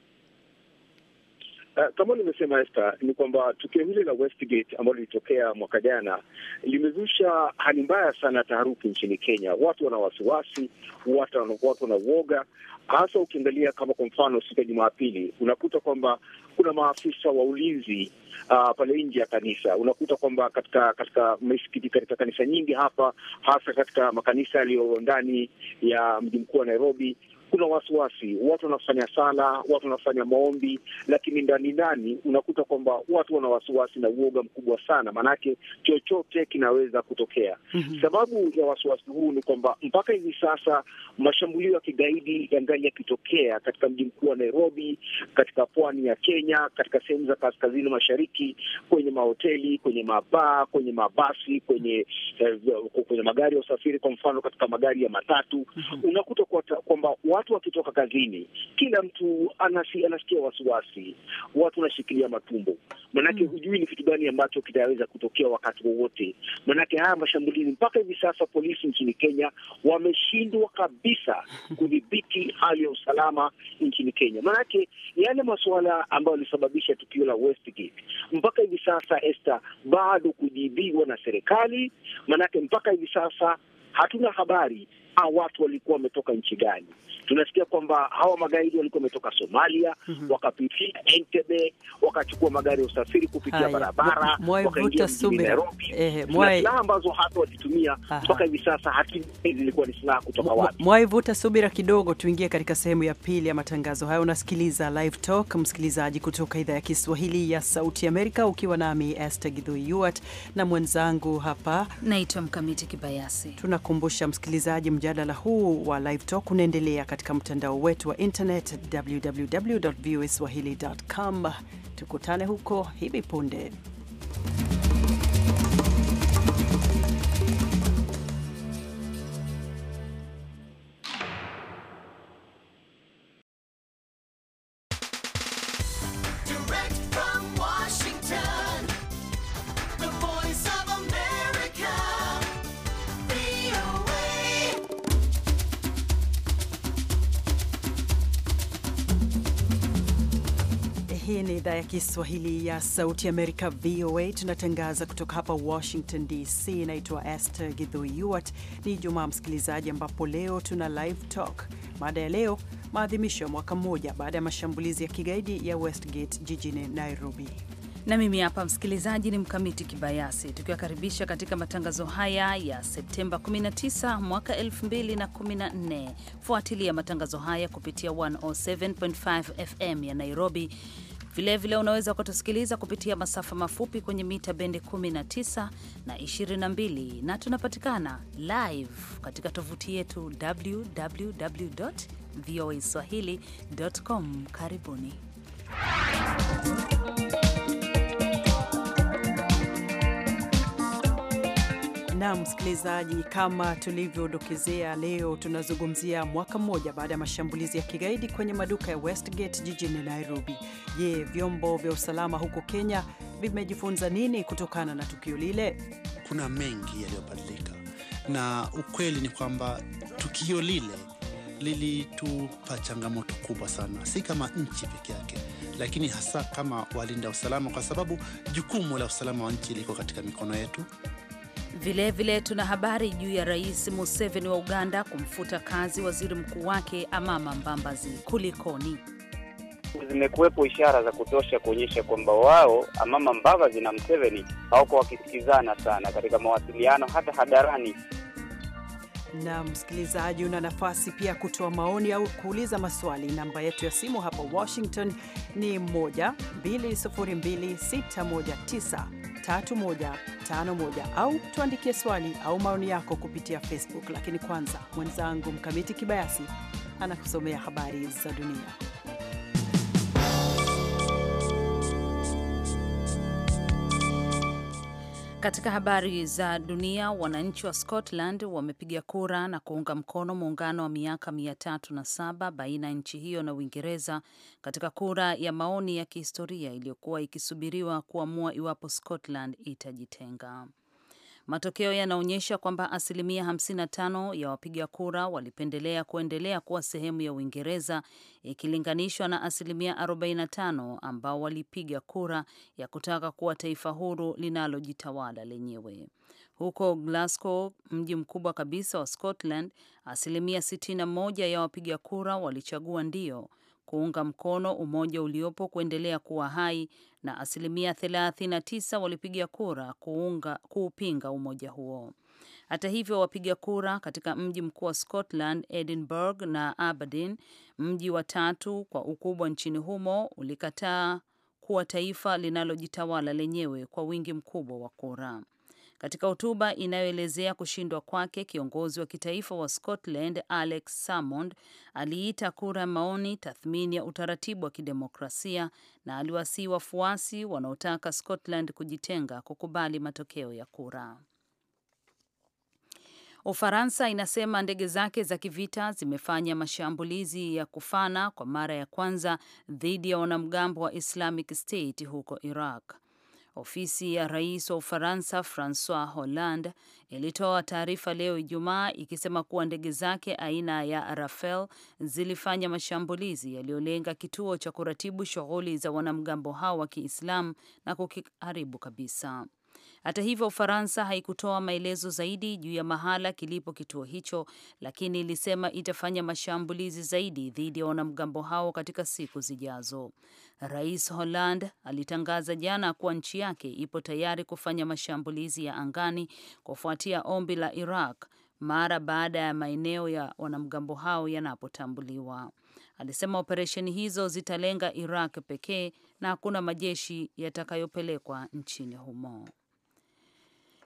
Uh, kama nimesema Esther, ni kwamba tukio hili la Westgate ambalo lilitokea mwaka jana limezusha hali mbaya sana taharuki nchini Kenya. Watu wana wasiwasi, watu wana uoga, hasa ukiangalia kama kwa mfano siku ya Jumapili unakuta kwamba kuna maafisa wa ulinzi uh, pale nje ya kanisa. Unakuta kwamba katika katika misikiti, katika kanisa nyingi hapa, hasa katika makanisa yaliyo ndani ya mji mkuu wa Nairobi kuna wasiwasi, watu wanafanya sala, watu wanafanya maombi, lakini ndani ndani unakuta kwamba watu wana wasiwasi na uoga mkubwa sana, maanake chochote kinaweza kutokea. mm -hmm. Sababu ya wasiwasi huu ni kwamba mpaka hivi sasa mashambulio ya kigaidi yangali yakitokea katika mji mkuu wa Nairobi, katika pwani ya Kenya, katika sehemu za kaskazini mashariki, kwenye mahoteli, kwenye mabaa, kwenye mabasi, kwenye eh, kwenye magari ya usafiri, kwa mfano katika magari ya matatu. mm -hmm. Unakuta kwamba kwa watu wakitoka kazini, kila mtu anasi, anasikia wasiwasi, watu wanashikilia matumbo, manake mm, hujui ni kitu gani ambacho kitaweza kutokea wakati wowote. Manake haya mashambulizi, mpaka hivi sasa polisi nchini Kenya wameshindwa kabisa kudhibiti hali ya usalama nchini Kenya, manake yale masuala ambayo yalisababisha tukio la Westgate mpaka hivi sasa Esther, bado kujibiwa na serikali, manake mpaka hivi sasa hatuna habari hawa watu walikuwa wametoka nchi gani. Tunasikia kwamba hawa magaidi walikuwa wametoka Somalia, mm -hmm. wakapitia Entebbe, wakachukua magari ya usafiri kupitia Haya. barabara wakaingia mjini Nairobi eh, mwai... silaha ambazo hata walitumia mpaka hivi sasa hatujui zilikuwa ni silaha kutoka wapi. vuta subira kidogo, tuingie katika sehemu ya pili ya matangazo haya. Unasikiliza Live Talk, msikilizaji, kutoka idhaa ya Kiswahili ya Sauti Amerika, ukiwa nami Esther Githui Yuart na mwenzangu hapa naitwa Mkamiti Kibayasi. Tunakumbusha msikilizaji mjadala huu wa Live Talk unaendelea katika mtandao wetu wa internet www voa swahili.com. Tukutane huko hivi punde. Hii ni idhaa ya Kiswahili ya Sauti Amerika, VOA. Tunatangaza kutoka hapa Washington DC. Inaitwa este Gidhuiwat. Ni Jumaa msikilizaji, ambapo leo tuna live talk. Mada ya leo, maadhimisho ya mwaka mmoja baada ya mashambulizi ya kigaidi ya Westgate jijini Nairobi na mimi hapa msikilizaji ni Mkamiti Kibayasi, tukiwakaribisha katika matangazo haya ya Septemba 19 mwaka 2014. Fuatilia matangazo haya kupitia 107.5 FM ya Nairobi Vilevile vile unaweza kutusikiliza kupitia masafa mafupi kwenye mita bendi 19 na 22, na tunapatikana live katika tovuti yetu www voa swahili.com. Karibuni. Na msikilizaji, kama tulivyodokezea, leo tunazungumzia mwaka mmoja baada ya mashambulizi ya kigaidi kwenye maduka ya Westgate jijini Nairobi. Je, vyombo vya usalama huko Kenya vimejifunza nini kutokana na tukio lile? Kuna mengi yaliyobadilika, na ukweli ni kwamba tukio lile lilitupa changamoto kubwa sana, si kama nchi peke yake, lakini hasa kama walinda usalama, kwa sababu jukumu la usalama wa nchi liko katika mikono yetu. Vilevile vile tuna habari juu ya Rais Museveni wa Uganda kumfuta kazi waziri mkuu wake Amama Mbambazi. Kulikoni? Zimekuwepo ishara za kutosha kuonyesha kwamba wao Amama Mbavazi na mseveni hawako wakisikizana sana katika mawasiliano hata hadharani. Na msikilizaji, una nafasi pia kutoa maoni au kuuliza maswali. Namba yetu ya simu hapa Washington ni 1202619 3151 au tuandikie swali au maoni yako kupitia Facebook. Lakini kwanza mwenzangu Mkamiti Kibayasi anakusomea habari za dunia. Katika habari za dunia, wananchi wa Scotland wamepiga kura na kuunga mkono muungano wa miaka mia tatu na saba baina ya nchi hiyo na Uingereza katika kura ya maoni ya kihistoria iliyokuwa ikisubiriwa kuamua iwapo Scotland itajitenga. Matokeo yanaonyesha kwamba asilimia 55 ya wapiga kura walipendelea kuendelea kuwa sehemu ya Uingereza ikilinganishwa na asilimia 45 ambao walipiga kura ya kutaka kuwa taifa huru linalojitawala lenyewe. Huko Glasgow, mji mkubwa kabisa wa Scotland, asilimia 61 ya wapiga kura walichagua ndio kuunga mkono umoja uliopo kuendelea kuwa hai na asilimia 39 walipiga kura kuunga, kuupinga umoja huo. Hata hivyo, wapiga kura katika mji mkuu wa Scotland Edinburgh na Aberdeen, mji wa tatu kwa ukubwa nchini humo, ulikataa kuwa taifa linalojitawala lenyewe kwa wingi mkubwa wa kura. Katika hotuba inayoelezea kushindwa kwake, kiongozi wa kitaifa wa Scotland Alex Salmond aliita kura ya maoni tathmini ya utaratibu wa kidemokrasia na aliwasii wafuasi wanaotaka Scotland kujitenga kukubali matokeo ya kura. Ufaransa inasema ndege zake za kivita zimefanya mashambulizi ya kufana kwa mara ya kwanza dhidi ya wanamgambo wa Islamic State huko Iraq. Ofisi ya rais wa Ufaransa Francois Hollande ilitoa taarifa leo Ijumaa ikisema kuwa ndege zake aina ya Rafale zilifanya mashambulizi yaliyolenga kituo cha kuratibu shughuli za wanamgambo hao wa Kiislamu na kukiharibu kabisa. Hata hivyo, Ufaransa haikutoa maelezo zaidi juu ya mahala kilipo kituo hicho, lakini ilisema itafanya mashambulizi zaidi dhidi ya wanamgambo hao katika siku zijazo. Rais Hollande alitangaza jana kuwa nchi yake ipo tayari kufanya mashambulizi ya angani kufuatia ombi la Iraq mara baada ya maeneo ya wanamgambo hao yanapotambuliwa. Alisema operesheni hizo zitalenga Iraq pekee na hakuna majeshi yatakayopelekwa nchini humo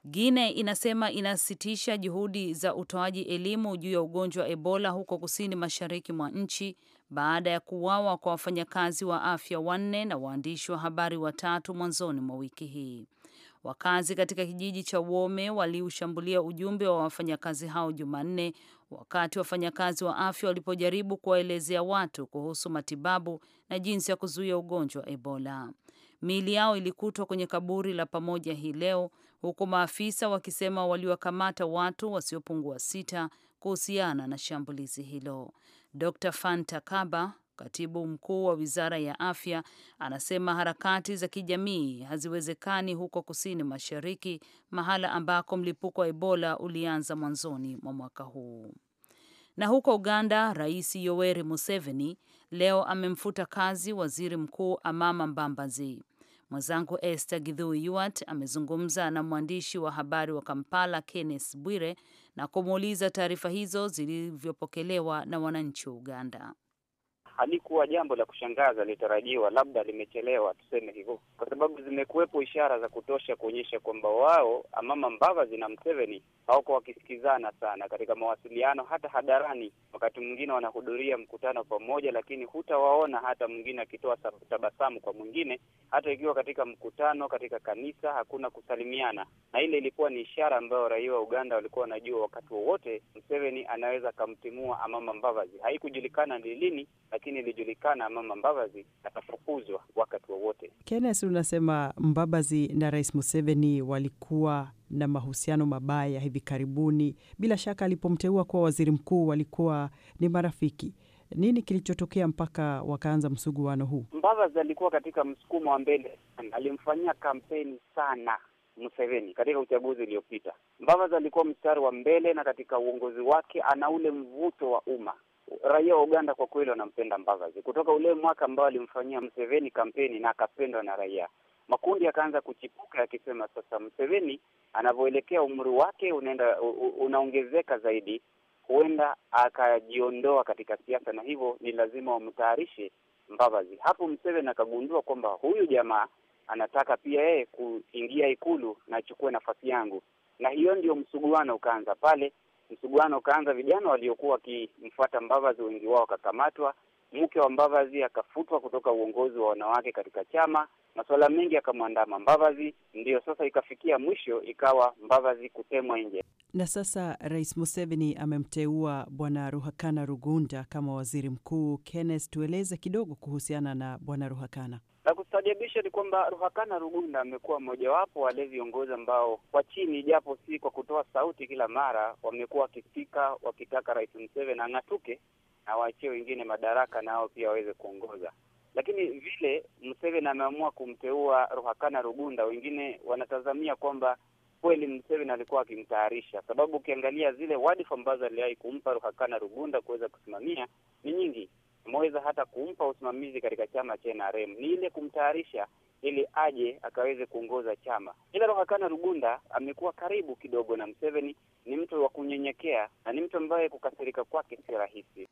guine inasema inasitisha juhudi za utoaji elimu juu ya ugonjwa wa Ebola huko kusini mashariki mwa nchi baada ya kuuawa kwa wafanyakazi wa afya wanne na waandishi wa habari watatu mwanzoni mwa wiki hii. Wakazi katika kijiji cha Wome waliushambulia ujumbe wa wafanyakazi hao Jumanne wakati wafanyakazi wa afya walipojaribu kuwaelezea watu kuhusu matibabu na jinsi ya kuzuia ugonjwa wa Ebola. Miili yao ilikutwa kwenye kaburi la pamoja hii leo huku maafisa wakisema waliwakamata watu wasiopungua sita kuhusiana na shambulizi hilo. Dr Fanta Kaba, katibu mkuu wa wizara ya afya, anasema harakati za kijamii haziwezekani huko kusini mashariki, mahala ambako mlipuko wa Ebola ulianza mwanzoni mwa mwaka huu. Na huko Uganda, Rais Yoweri Museveni leo amemfuta kazi waziri mkuu Amama Mbambazi. Mwenzangu Esther Gidhui Yuat amezungumza na mwandishi wa habari wa Kampala Kenneth Bwire na kumuuliza taarifa hizo zilivyopokelewa na wananchi wa Uganda halikuwa jambo la kushangaza litarajiwa, labda limechelewa, tuseme hivyo, kwa sababu zimekuwepo ishara za kutosha kuonyesha kwamba wao Amama Mbabazi na Mseveni hawako wakisikizana sana katika mawasiliano, hata hadharani. Wakati mwingine wanahudhuria mkutano pamoja, lakini hutawaona hata mwingine akitoa tabasamu kwa mwingine, hata ikiwa katika mkutano, katika kanisa, hakuna kusalimiana, na ile ilikuwa ni ishara ambayo raia wa Uganda walikuwa wanajua wakati wowote Mseveni anaweza akamtimua Amama Mbabazi. Haikujulikana ni lini, lakini ilijulikana mama Mbabazi atafukuzwa wakati wowote. wa unasema Mbabazi na Rais Museveni walikuwa na mahusiano mabaya hivi karibuni. Bila shaka alipomteua kuwa waziri mkuu walikuwa ni marafiki. Nini kilichotokea mpaka wakaanza msuguano huu? Mbabazi alikuwa katika msukumo wa mbele, alimfanyia kampeni sana Museveni katika uchaguzi uliopita. Mbabazi alikuwa mstari wa mbele, na katika uongozi wake ana ule mvuto wa umma raia wa Uganda kwa kweli wanampenda Mbabazi kutoka ule mwaka ambao alimfanyia Mseveni kampeni na akapendwa na raia. Makundi yakaanza kuchipuka yakisema sasa Mseveni anavyoelekea umri wake unaenda unaongezeka zaidi, huenda akajiondoa katika siasa, na hivyo ni lazima wamtayarishe Mbabazi. Hapo Mseveni akagundua kwamba huyu jamaa anataka pia yeye kuingia Ikulu na achukue nafasi yangu, na hiyo ndio msuguano ukaanza pale msuguano ukaanza. Vijana waliokuwa wakimfuata Mbavazi wengi wao wakakamatwa, mke wa Mbavazi akafutwa kutoka uongozi wa wanawake katika chama, masuala mengi yakamwandama Mbavazi. Ndiyo sasa ikafikia mwisho, ikawa Mbavazi kutemwa nje. Na sasa Rais Museveni amemteua Bwana Ruhakana Rugunda kama waziri mkuu. Kenneth, tueleze kidogo kuhusiana na Bwana Ruhakana. Staajabisha ni kwamba Ruhakana Rugunda amekuwa mmojawapo wale viongozi ambao kwa chini, japo si kwa kutoa sauti kila mara, wamekuwa wakifika wakitaka Rais Museveni ang'atuke na waachie wengine madaraka, nao pia waweze kuongoza. Lakini vile Museveni ameamua kumteua Ruhakana Rugunda, wengine wanatazamia kwamba kweli Museveni alikuwa akimtayarisha, sababu ukiangalia zile wadhifa ambazo aliwahi kumpa Ruhakana Rugunda kuweza kusimamia ni nyingi tumeweza hata kumpa usimamizi katika chama cha NRM ni ile kumtayarisha ili aje akaweze kuongoza chama. Ila Ruhakana Rugunda amekuwa karibu kidogo na Mseveni, ni mtu wa kunyenyekea na ni mtu ambaye kukasirika kwake si rahisi.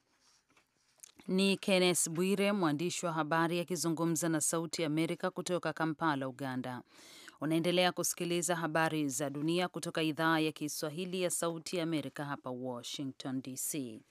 Ni Kenneth Bwire, mwandishi wa habari akizungumza na Sauti ya Amerika kutoka Kampala, Uganda. Unaendelea kusikiliza habari za dunia kutoka idhaa ya Kiswahili ya Sauti ya Amerika hapa Washington DC.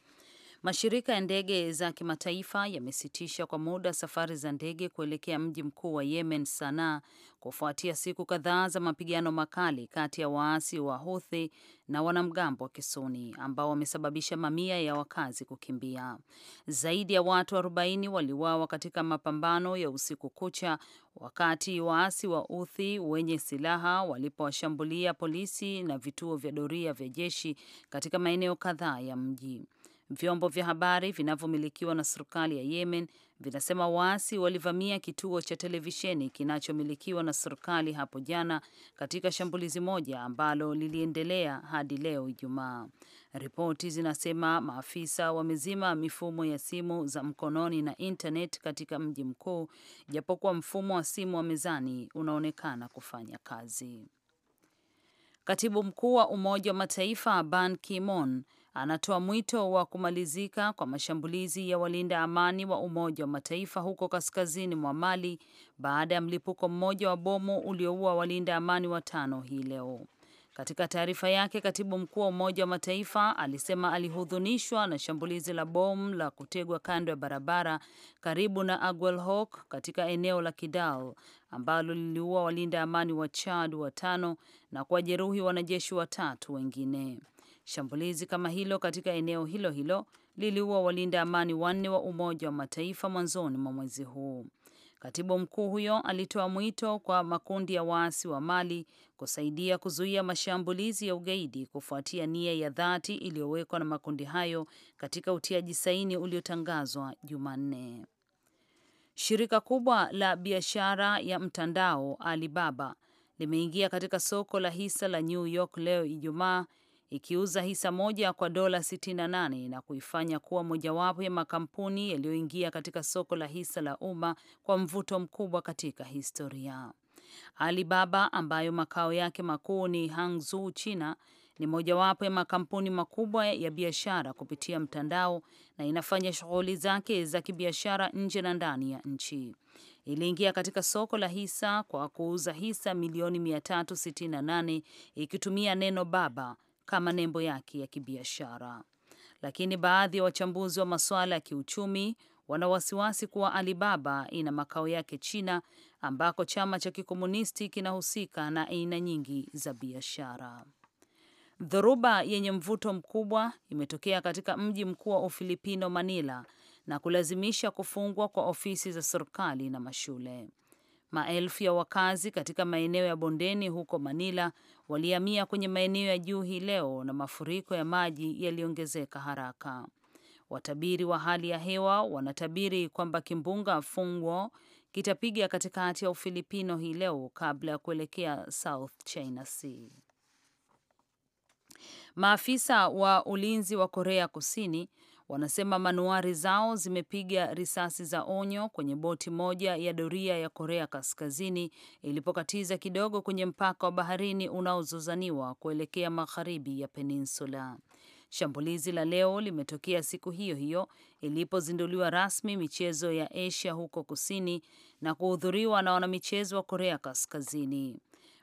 Mashirika ya ndege za kimataifa yamesitisha kwa muda safari za ndege kuelekea mji mkuu wa Yemen, Sanaa, kufuatia siku kadhaa za mapigano makali kati ya waasi wa Houthi na wanamgambo wa Kisuni ambao wamesababisha mamia ya wakazi kukimbia. Zaidi ya watu 40 waliuawa katika mapambano ya usiku kucha wakati waasi wa Houthi wenye silaha walipowashambulia polisi na vituo vya doria vya jeshi katika maeneo kadhaa ya mji. Vyombo vya habari vinavyomilikiwa na serikali ya Yemen vinasema waasi walivamia kituo cha televisheni kinachomilikiwa na serikali hapo jana katika shambulizi moja ambalo liliendelea hadi leo Ijumaa. Ripoti zinasema maafisa wamezima mifumo ya simu za mkononi na intanet katika mji mkuu, japokuwa mfumo wa simu wa mezani unaonekana kufanya kazi. Katibu mkuu wa Umoja wa Mataifa Ban Ki-moon anatoa mwito wa kumalizika kwa mashambulizi ya walinda amani wa Umoja wa Mataifa huko kaskazini mwa Mali baada ya mlipuko mmoja wa bomu ulioua walinda amani watano hii leo. Katika taarifa yake, katibu mkuu wa Umoja wa Mataifa alisema alihudhunishwa na shambulizi la bomu la kutegwa kando ya barabara karibu na Aguelhok katika eneo la Kidal ambalo liliua walinda amani wa Chad watano na kuwajeruhi wanajeshi watatu wengine. Shambulizi kama hilo katika eneo hilo hilo liliua walinda amani wanne wa Umoja wa Mataifa mwanzoni mwa mwezi huu. Katibu mkuu huyo alitoa mwito kwa makundi ya waasi wa Mali kusaidia kuzuia mashambulizi ya ugaidi kufuatia nia ya dhati iliyowekwa na makundi hayo katika utiaji saini uliotangazwa Jumanne. Shirika kubwa la biashara ya mtandao Alibaba limeingia katika soko la hisa la New York leo Ijumaa ikiuza hisa moja kwa dola 68 na kuifanya kuwa mojawapo ya makampuni yaliyoingia katika soko la hisa la umma kwa mvuto mkubwa katika historia. Alibaba ambayo makao yake makuu ni Hangzhou, China ni mojawapo ya makampuni makubwa ya biashara kupitia mtandao na inafanya shughuli zake za kibiashara nje na ndani ya nchi. Iliingia katika soko la hisa kwa kuuza hisa milioni 368 ikitumia neno baba kama nembo yake ya kibiashara. Lakini baadhi ya wachambuzi wa masuala ya kiuchumi wana wasiwasi kuwa Alibaba ina makao yake China, ambako chama cha kikomunisti kinahusika na aina nyingi za biashara. Dhoruba yenye mvuto mkubwa imetokea katika mji mkuu wa Ufilipino, Manila, na kulazimisha kufungwa kwa ofisi za serikali na mashule. Maelfu ya wakazi katika maeneo ya bondeni huko Manila walihamia kwenye maeneo ya juu hii leo na mafuriko ya maji yaliongezeka haraka. Watabiri wa hali ya hewa wanatabiri kwamba kimbunga Fungwo kitapiga katikati ya Ufilipino hii leo kabla ya kuelekea South China Sea. Maafisa wa ulinzi wa Korea Kusini wanasema manuari zao zimepiga risasi za onyo kwenye boti moja ya doria ya Korea Kaskazini ilipokatiza kidogo kwenye mpaka wa baharini unaozozaniwa kuelekea magharibi ya peninsula. Shambulizi la leo limetokea siku hiyo hiyo ilipozinduliwa rasmi michezo ya Asia huko kusini na kuhudhuriwa na wanamichezo wa Korea Kaskazini.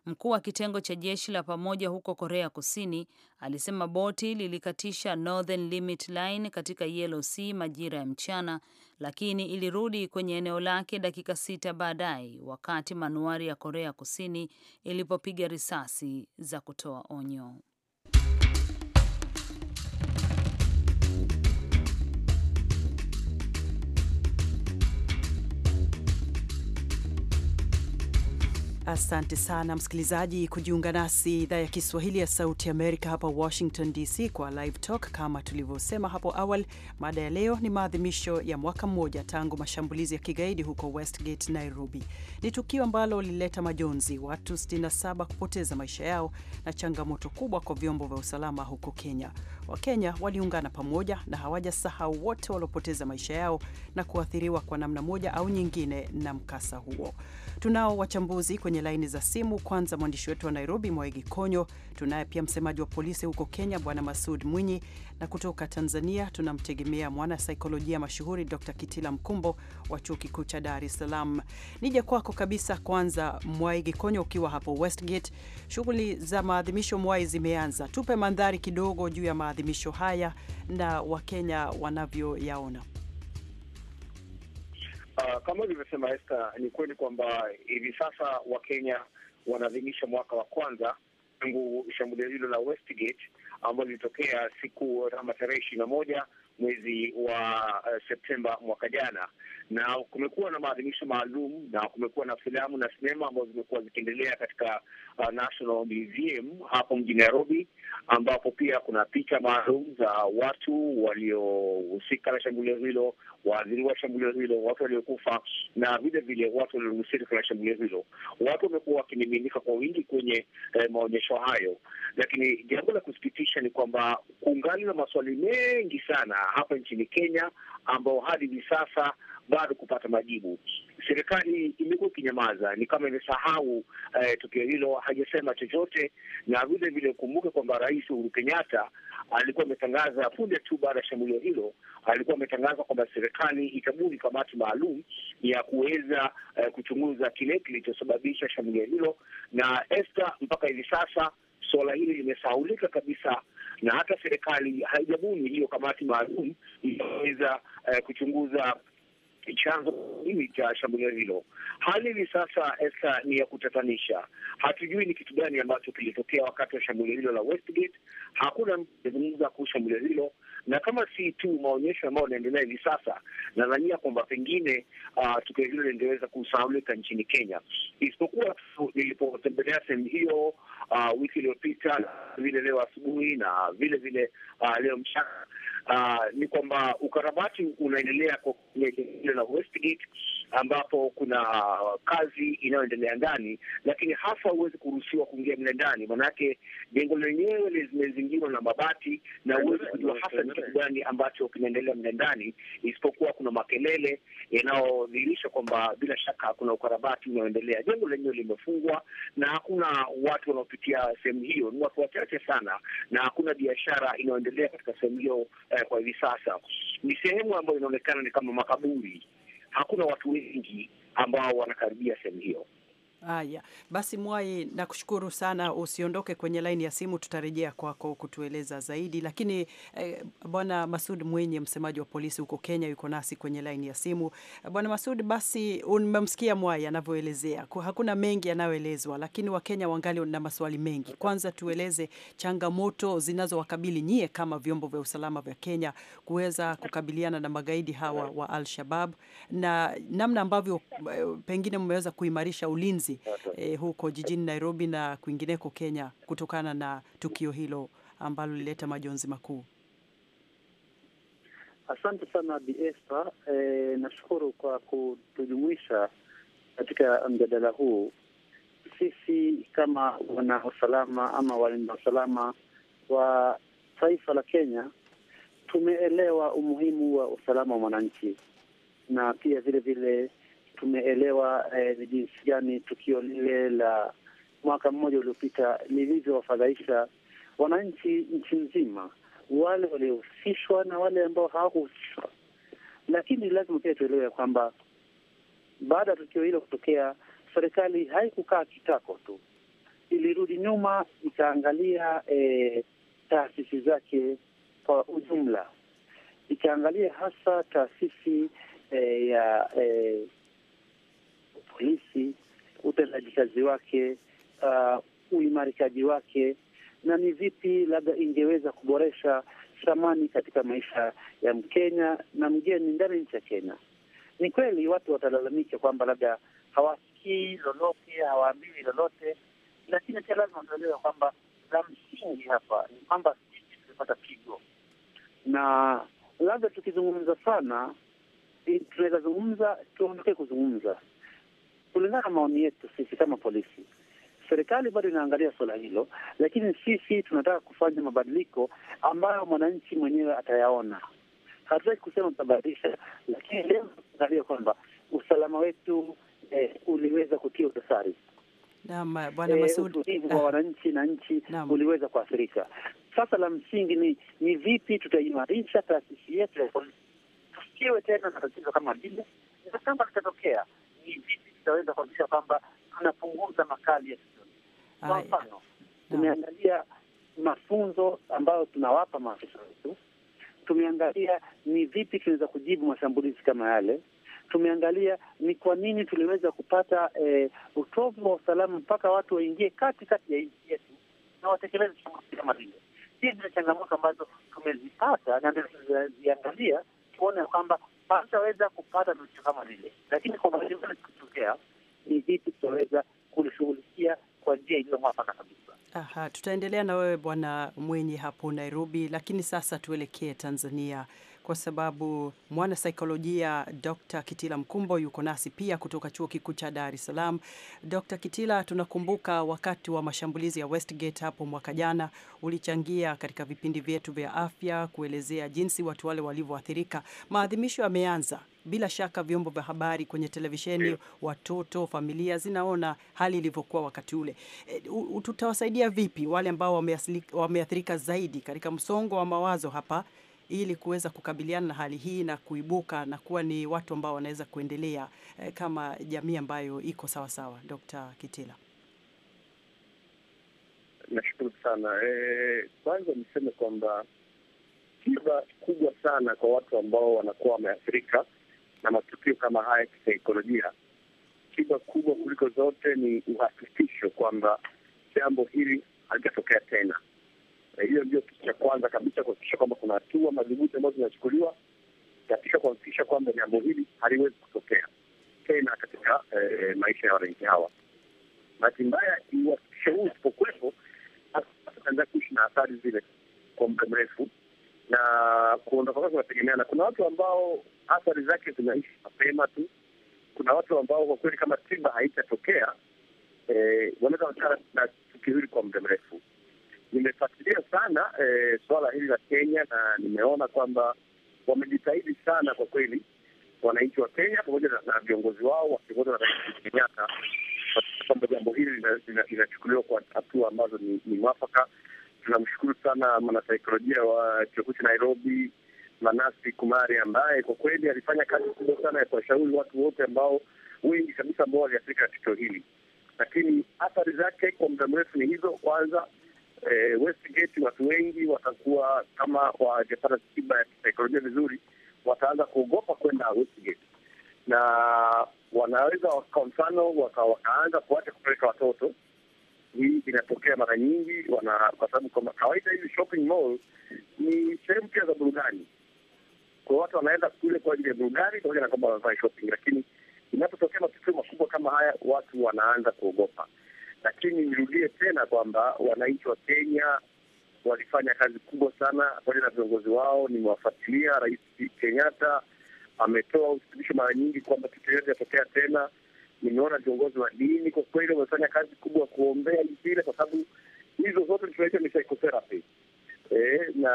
Mkuu wa kitengo cha jeshi la pamoja huko Korea Kusini alisema boti lilikatisha Northern Limit Line katika Yellow Sea majira ya mchana, lakini ilirudi kwenye eneo lake dakika sita baadaye wakati manuari ya Korea Kusini ilipopiga risasi za kutoa onyo. Asante sana msikilizaji kujiunga nasi idhaa ya Kiswahili ya Sauti Amerika hapa Washington DC kwa Live Talk. Kama tulivyosema hapo awali, mada ya leo ni maadhimisho ya mwaka mmoja tangu mashambulizi ya kigaidi huko Westgate, Nairobi. Ni tukio ambalo lilileta majonzi, watu 67 kupoteza maisha yao na changamoto kubwa kwa vyombo vya usalama huko Kenya. Wakenya waliungana pamoja na hawajasahau wote waliopoteza maisha yao na kuathiriwa kwa namna moja au nyingine na mkasa huo. Tunao wachambuzi kwenye laini za simu. Kwanza mwandishi wetu wa Nairobi, Mwaigi Konyo. Tunaye pia msemaji wa polisi huko Kenya, Bwana Masud Mwinyi, na kutoka Tanzania tunamtegemea mwana mashuhuri Dr Kitila Mkumbo wa chuo kikuu cha Dar es Salaam. Nije kwako kabisa kwanza, Mwaigi Konyo, ukiwa hapo Westgate, shughuli za maadhimisho mwai zimeanza. Tupe mandhari kidogo juu ya maadhimisho haya na Wakenya wanavyoyaona. Uh, kama ulivyosema Esta, ni kweli kwamba hivi sasa Wakenya wanaadhimisha mwaka wa kwanza tangu shambulio hilo la Westgate ambalo lilitokea siku ama tarehe ishirini na moja mwezi wa uh, Septemba mwaka jana, na kumekuwa na maadhimisho maalum na kumekuwa na filamu na sinema ambazo zimekuwa zikiendelea katika uh, National Museum hapo mjini Nairobi, ambapo pia kuna picha maalum za watu waliohusika na shambulio hilo, waathiriwa wa shambulio hilo, watu waliokufa na vile vile watu waliohusika na shambulio hilo. Watu wamekuwa wakimiminika kwa wingi kwenye eh, maonyesho hayo, lakini jambo la kusikitisha ni kwamba kungali na maswali mengi sana hapa nchini Kenya ambao hadi hivi sasa bado kupata majibu. Serikali imekuwa ikinyamaza, ni kama imesahau eh, tukio hilo, hajasema chochote. Na vile vile ukumbuke kwamba Rais Uhuru Kenyatta alikuwa ametangaza punde tu baada ya shambulio hilo, alikuwa ametangaza kwamba serikali itabuni kamati maalum ya kuweza eh, kuchunguza kile kilichosababisha shambulio hilo, na esta, mpaka hivi sasa suala hili limesahulika kabisa na hata serikali haijabuni hiyo kamati maalum inaweza eh, kuchunguza chanzo nini cha shambulio hilo. Hali hivi sasa Esther, ni ya kutatanisha. Hatujui ni kitu gani ambacho kilitokea wakati wa shambulio hilo la Westgate. Hakuna mtu kuhusu shambulio hilo, na kama si tu maonyesho ambayo yanaendelea hivi sasa, nadhania kwamba pengine uh, tukio hilo lingeweza kusahaulika nchini Kenya, isipokuwa tu nilipotembelea sehemu hiyo uh, wiki iliyopita vile leo asubuhi na vile vile uh, leo mchana Ah, ni kwamba ukarabati unaendelea kwa kile la Westgate ambapo kuna kazi inayoendelea ndani, lakini hasa huwezi kuruhusiwa kuingia mle ndani, maanake jengo lenyewe limezingirwa na mabati na huwezi kujua hasa ni kitu gani ambacho kinaendelea mle ndani, isipokuwa kuna makelele yanayodhihirisha kwamba bila shaka kuna ukarabati unaoendelea. Jengo lenyewe limefungwa na hakuna watu wanaopitia sehemu hiyo, ni watu wachache sana, na hakuna biashara inayoendelea katika sehemu hiyo eh, kwa hivi sasa ni sehemu ambayo inaonekana ni kama makaburi hakuna watu wengi ambao wanakaribia sehemu hiyo. Haya basi, Mwai, nakushukuru sana. Usiondoke kwenye laini ya simu, tutarejea kwako kutueleza zaidi. Lakini eh, bwana Masud Mwinyi, msemaji wa polisi huko Kenya, yuko nasi kwenye laini ya simu. Bwana Masud, basi umemsikia Mwai anavyoelezea, hakuna mengi yanayoelezwa, lakini Wakenya wangali na maswali mengi. Kwanza tueleze changamoto zinazowakabili nyie kama vyombo vya usalama vya Kenya kuweza kukabiliana na magaidi hawa wa Al Shabab na namna ambavyo eh, pengine mmeweza kuimarisha ulinzi ulinzi eh, huko jijini Nairobi na kwingineko Kenya kutokana na tukio hilo ambalo lilileta majonzi makuu? Asante sana Bi Esther, eh, nashukuru kwa kutujumuisha katika mjadala huu. Sisi kama wana usalama ama walinda usalama wa taifa la Kenya tumeelewa umuhimu wa usalama wa mwananchi na pia vile vile tumeelewa eh, ni eh, jinsi gani tukio lile la mwaka mmoja uliopita lilivyowafadhaisha wananchi nchi nzima, wale waliohusishwa na wale ambao hawakuhusishwa. Lakini lazima pia tuelewe ya kwamba baada ya tukio hilo kutokea, serikali haikukaa kitako tu, ilirudi nyuma ikaangalia eh, taasisi zake kwa ujumla, ikaangalia hasa taasisi eh, ya eh, polisi, utendajikazi wake, uh, uimarikaji wake, na ni vipi labda ingeweza kuboresha thamani katika maisha ya Mkenya na mgeni ndani nchi ya Kenya. Ni kweli watu watalalamika kwamba labda hawasikii lolote, hawaambiwi lolote, lakini pia lazima tuelewe kwamba la msingi hapa ni kwamba sisi tumepata pigo, na labda tukizungumza sana eh, tunaweza zungumza, tuondokee kuzungumza kulingana na maoni yetu sisi kama polisi, serikali bado inaangalia suala hilo, lakini sisi tunataka kufanya mabadiliko ambayo mwananchi mwenyewe atayaona. Hatutaki kusema tutabadilisha, lakini leo tunaangalia kwamba usalama wetu eh, uliweza kutia dosari Naam, eh, Bwana eh, Masud, utulivu wa ah. wananchi na nchi uliweza kuathirika. Sasa la msingi ni ni vipi tutaimarisha taasisi yetu ya polisi tusiwe tena na tatizo kama lile, na kama litatokea ni vipi tutaweza kuhakikisha kwamba tunapunguza makali ya Kwa mfano, tumeangalia mafunzo ambayo tunawapa maafisa wetu, tumeangalia ni vipi tunaweza kujibu mashambulizi kama yale tumeangalia ni kwa nini tuliweza kupata e, utovu wa usalama mpaka watu waingie kati kati ya nchi yetu na watekeleze shambulizi kama vile. Hizi ni changamoto ambazo tumezipata na ndio tunaziangalia kuona kwamba hawataweza kupata vitu kama vile, lakini kwa maendeleo kutokea ni vipi tutaweza kulishughulikia kwa njia iliyo mwafaka kabisa. Aha, tutaendelea na wewe Bwana Mwenye hapo Nairobi, lakini sasa tuelekee Tanzania kwa sababu mwanasaikolojia Dr. Kitila Mkumbo yuko nasi pia kutoka Chuo Kikuu cha Dar es Salaam. Dr. Kitila, tunakumbuka wakati wa mashambulizi ya Westgate hapo mwaka jana ulichangia katika vipindi vyetu vya afya kuelezea jinsi watu wale walivyoathirika. Maadhimisho yameanza. Bila shaka vyombo vya habari kwenye televisheni, eh. watoto, familia zinaona hali ilivyokuwa wakati ule. Eh, tutawasaidia vipi wale ambao wameathirika zaidi katika msongo wa mawazo hapa ili kuweza kukabiliana na hali hii na kuibuka na kuwa ni watu ambao wanaweza kuendelea eh, kama jamii ambayo iko sawa sawa. Dr. Kitila, nashukuru sana. Eh, kwanza e, niseme kwamba tiba kubwa sana kwa watu ambao wanakuwa wameathirika na matukio kama haya kisaikolojia. Tiba kubwa kuliko zote ni uhakikisho kwamba jambo hili halijatokea tena hiyo ndio kitu cha kwanza kabisa, kuhakikisha kwamba kuna hatua madhubuti ambazo zinachukuliwa katika kuhakikisha kwamba jambo hili haliwezi kutokea tena katika eh, maisha ya wananchi hawa. Bahati mbaya, iwafikisho huu usipokuwepo, tutaanza kuishi na athari zile kwa muda mrefu, na kuondoka kwake kunategemeana. Kuna watu ambao athari zake zinaishi mapema tu, kuna watu ambao kwa kweli kama tiba haitatokea, eh, wanaweza wakaa na tukio hili kwa muda mrefu nimefuatilia sana e, eh, suala hili la Kenya na nimeona kwamba wamejitahidi sana kwa kweli, wananchi wa Kenya pamoja na viongozi wao wakiongozwa na Rais Kenyatta, kwamba jambo hili linachukuliwa kwa hatua ambazo ni, ni mwafaka. Tunamshukuru sana mwanasaikolojia wa chuo kikuu cha Nairobi Manasi Kumari ambaye kwa kweli alifanya kazi kubwa sana ya kuwashauri watu wote ambao wengi kabisa ambao waliathirika na tukio hili, lakini athari zake kwa muda mrefu ni hizo. Kwanza eh, Westgate watu wengi watakuwa kama wajapata tiba ya kisaikolojia vizuri, wataanza kuogopa kwenda Westgate na wanaweza kwa mfano waka, wakaanza kuacha kupeleka watoto. Hii inatokea mara nyingi, kwa sababu kwa kawaida hizi shopping mall ni sehemu pia za burudani, kwa watu wanaenda kule kwa ajili ya burudani pamoja na kwamba wanafanya shopping, lakini inapotokea matukio makubwa kama haya, watu wanaanza kuogopa. Lakini nirudie tena kwamba wananchi wa Kenya walifanya kazi kubwa sana pamoja na viongozi wao. Nimewafuatilia. Rais Kenyatta ametoa uthibitisho mara nyingi kwamba kitu yote yatokea tena. Nimeona viongozi wa dini kwa kweli wamefanya kazi kubwa kuombea isile, kwa sababu hizo zote tunaita ni psychotherapy e, na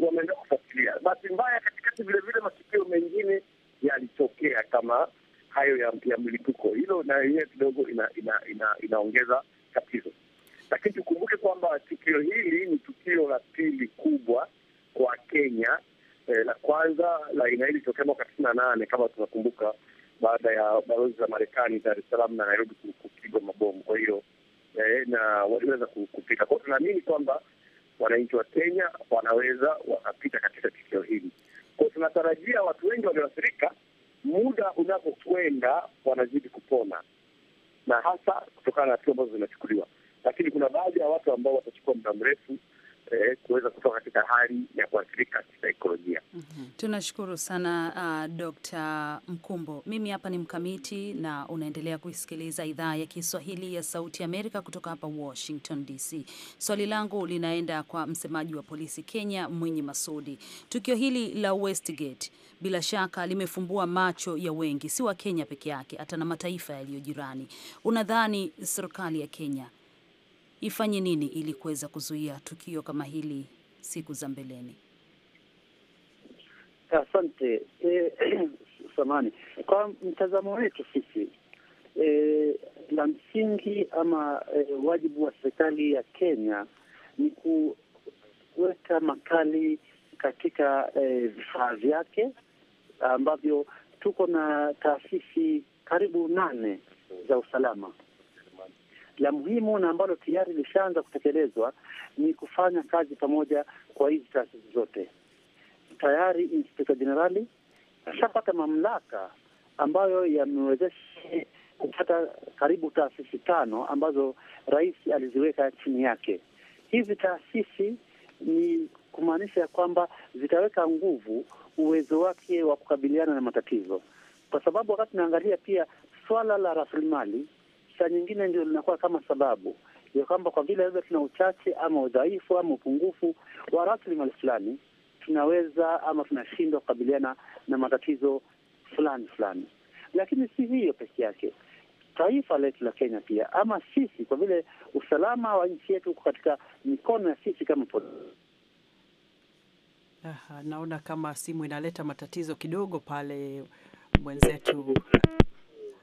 wameendea kufuatilia. Bahati mbaya, katikati vilevile matukio mengine yalitokea kama hayo ya, ya mlipuko. Hilo na yenyewe kidogo inaongeza ina, ina, ina tatizo, lakini tukumbuke kwamba tukio hili ni tukio la pili kubwa kwa Kenya. Eh, la kwanza la aina hili tokea mwaka tisini na nane kama tunakumbuka, baada ya balozi za Marekani Dar es Salaam na Nairobi kupigwa mabomu. Kwa hiyo eh, na waliweza kupita kwao. Tunaamini kwamba wananchi wa Kenya wanaweza wakapita katika tukio hili kwao. Tunatarajia watu wengi walioathirika muda unapokwenda wanazidi kupona, na hasa kutokana na hatua ambazo zinachukuliwa. Lakini kuna baadhi ya watu ambao watachukua muda mrefu eh, kuweza kutoka katika hali ya kuathirika kisaikolojia. mm -hmm. Tunashukuru sana uh, ah, Dr. Mkumbo. Mimi hapa ni Mkamiti na unaendelea kuisikiliza idhaa ya Kiswahili ya Sauti ya Amerika kutoka hapa Washington DC. Swali langu linaenda kwa msemaji wa polisi Kenya, Mwinyi Masudi. Tukio hili la Westgate bila shaka limefumbua macho ya wengi, si wa Kenya peke yake, hata na mataifa yaliyo jirani. Unadhani serikali ya Kenya ifanye nini ili kuweza kuzuia tukio kama hili siku za mbeleni? Asante e, samani. Kwa mtazamo wetu sisi e, la msingi ama e, wajibu wa serikali ya Kenya ni kuweka makali katika e, vifaa vyake ambavyo tuko na taasisi karibu nane za usalama la muhimu na ambalo tayari lishaanza kutekelezwa ni kufanya kazi pamoja kwa hizi taasisi zote. Tayari Inspekta Jenerali ashapata mamlaka ambayo yamewezesha kupata karibu taasisi tano ambazo rais aliziweka chini yake. Hizi taasisi ni kumaanisha ya kwamba zitaweka nguvu uwezo wake wa kukabiliana na matatizo, kwa sababu wakati naangalia pia swala la rasilimali saa nyingine ndio linakuwa kama sababu ya kwamba kwa vile labda tuna uchache ama udhaifu ama upungufu wa rasilimali fulani, tunaweza ama tunashindwa kukabiliana na matatizo fulani fulani. Lakini si hiyo peke yake, taifa letu la Kenya pia ama sisi, kwa vile usalama wa nchi yetu uko katika mikono ya sisi kama Aha, naona kama simu inaleta matatizo kidogo pale mwenzetu.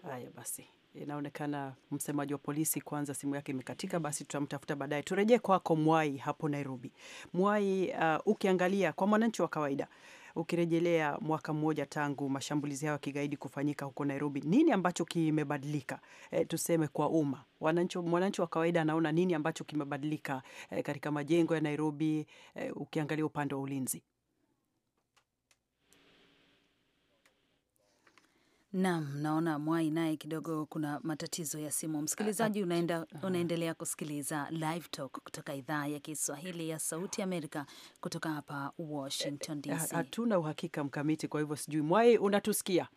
Haya basi. Inaonekana msemaji wa polisi kwanza simu yake imekatika, basi tutamtafuta baadaye. Turejee kwako Mwai hapo Nairobi. Mwai, uh, ukiangalia kwa mwananchi wa kawaida, ukirejelea mwaka mmoja tangu mashambulizi hayo ya kigaidi kufanyika huko Nairobi, nini ambacho kimebadilika? E, tuseme kwa umma, mwananchi wa kawaida anaona nini ambacho kimebadilika e, katika majengo ya Nairobi e, ukiangalia upande wa ulinzi? Naam, naona Mwai naye kidogo kuna matatizo ya simu. Msikilizaji ah, ah, unaenda, ah. unaendelea kusikiliza Live Talk kutoka idhaa ya Kiswahili ya Sauti Amerika kutoka hapa eh, eh, Washington DC. Hatuna uhakika mkamiti, kwa hivyo sijui Mwai unatusikia?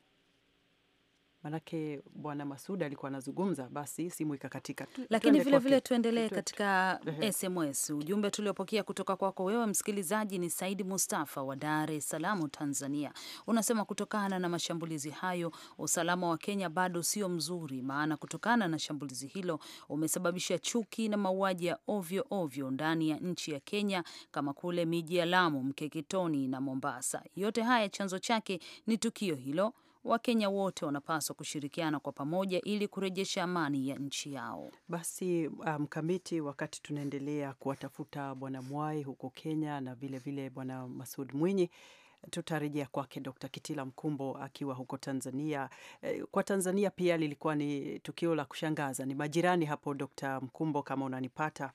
Manake Bwana masud alikuwa anazungumza, basi simu ikakatika. Lakini vilevile tuendelee katika SMS ujumbe tuliopokea kutoka kwako wewe msikilizaji ni Saidi Mustafa wa Dar es Salaam, Tanzania. Unasema kutokana na mashambulizi hayo usalama wa Kenya bado sio mzuri, maana kutokana na shambulizi hilo umesababisha chuki na mauaji ya ovyo ovyo ndani ya nchi ya Kenya, kama kule miji ya Lamu, Mkeketoni na Mombasa. Yote haya chanzo chake ni tukio hilo Wakenya wote wanapaswa kushirikiana kwa pamoja ili kurejesha amani ya nchi yao. Basi um, mkamiti, um, wakati tunaendelea kuwatafuta Bwana Mwai huko Kenya na vilevile Bwana Masud Mwinyi tutarejea kwake Dr. Kitila Mkumbo akiwa huko Tanzania. Eh, kwa Tanzania pia lilikuwa ni tukio la kushangaza, ni majirani hapo. Dr. Mkumbo, kama unanipata?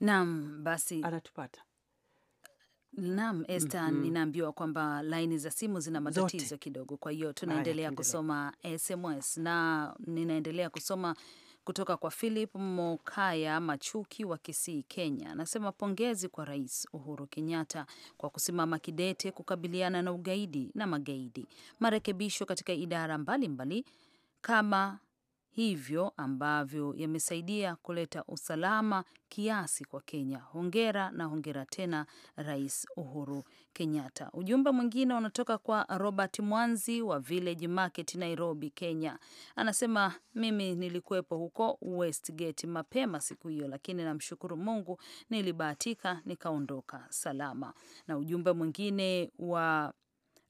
Naam, basi anatupata. Naam, Esther, mm -hmm. Ninaambiwa kwamba laini za simu zina matatizo Zote kidogo, kwa hiyo tunaendelea kusoma SMS na ninaendelea kusoma kutoka kwa Philip Mokaya Machuki wa Kisii, Kenya, anasema pongezi kwa Rais Uhuru Kenyatta kwa kusimama kidete kukabiliana na ugaidi na magaidi, marekebisho katika idara mbalimbali mbali, kama hivyo ambavyo yamesaidia kuleta usalama kiasi kwa Kenya. Hongera na hongera tena, Rais Uhuru Kenyatta. Ujumbe mwingine unatoka kwa Robert Mwanzi wa Village Market, Nairobi, Kenya. Anasema mimi nilikuwepo huko Westgate mapema siku hiyo, lakini namshukuru Mungu nilibahatika nikaondoka salama. Na ujumbe mwingine wa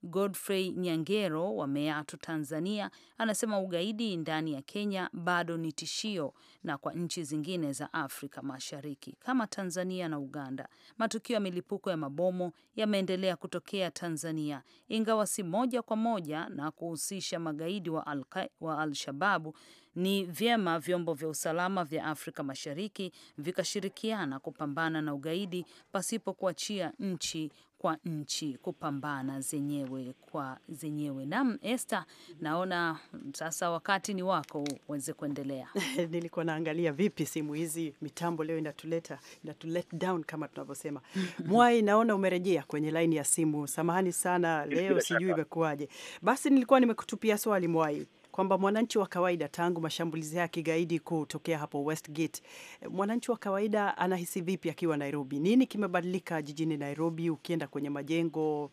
Godfrey Nyangero wa Meatu, Tanzania, anasema ugaidi ndani ya Kenya bado ni tishio na kwa nchi zingine za Afrika Mashariki kama Tanzania na Uganda. Matukio ya milipuko ya mabomu yameendelea kutokea Tanzania, ingawa si moja kwa moja na kuhusisha magaidi wa al wa Al-Shababu. Ni vyema vyombo vya usalama vya Afrika Mashariki vikashirikiana kupambana na ugaidi pasipo kuachia nchi kwa nchi kupambana zenyewe kwa zenyewe. Naam, Esther, naona sasa wakati ni wako uweze kuendelea. Nilikuwa naangalia vipi simu hizi, mitambo leo inatuleta inatulet down kama tunavyosema. Mwai, naona umerejea kwenye laini ya simu. Samahani sana leo, sijui imekuwaje. Basi nilikuwa nimekutupia swali Mwai, kwamba mwananchi wa kawaida tangu mashambulizi ya kigaidi kutokea hapo Westgate, eh, mwananchi wa kawaida anahisi vipi akiwa Nairobi? Nini kimebadilika jijini Nairobi, ukienda kwenye majengo uh,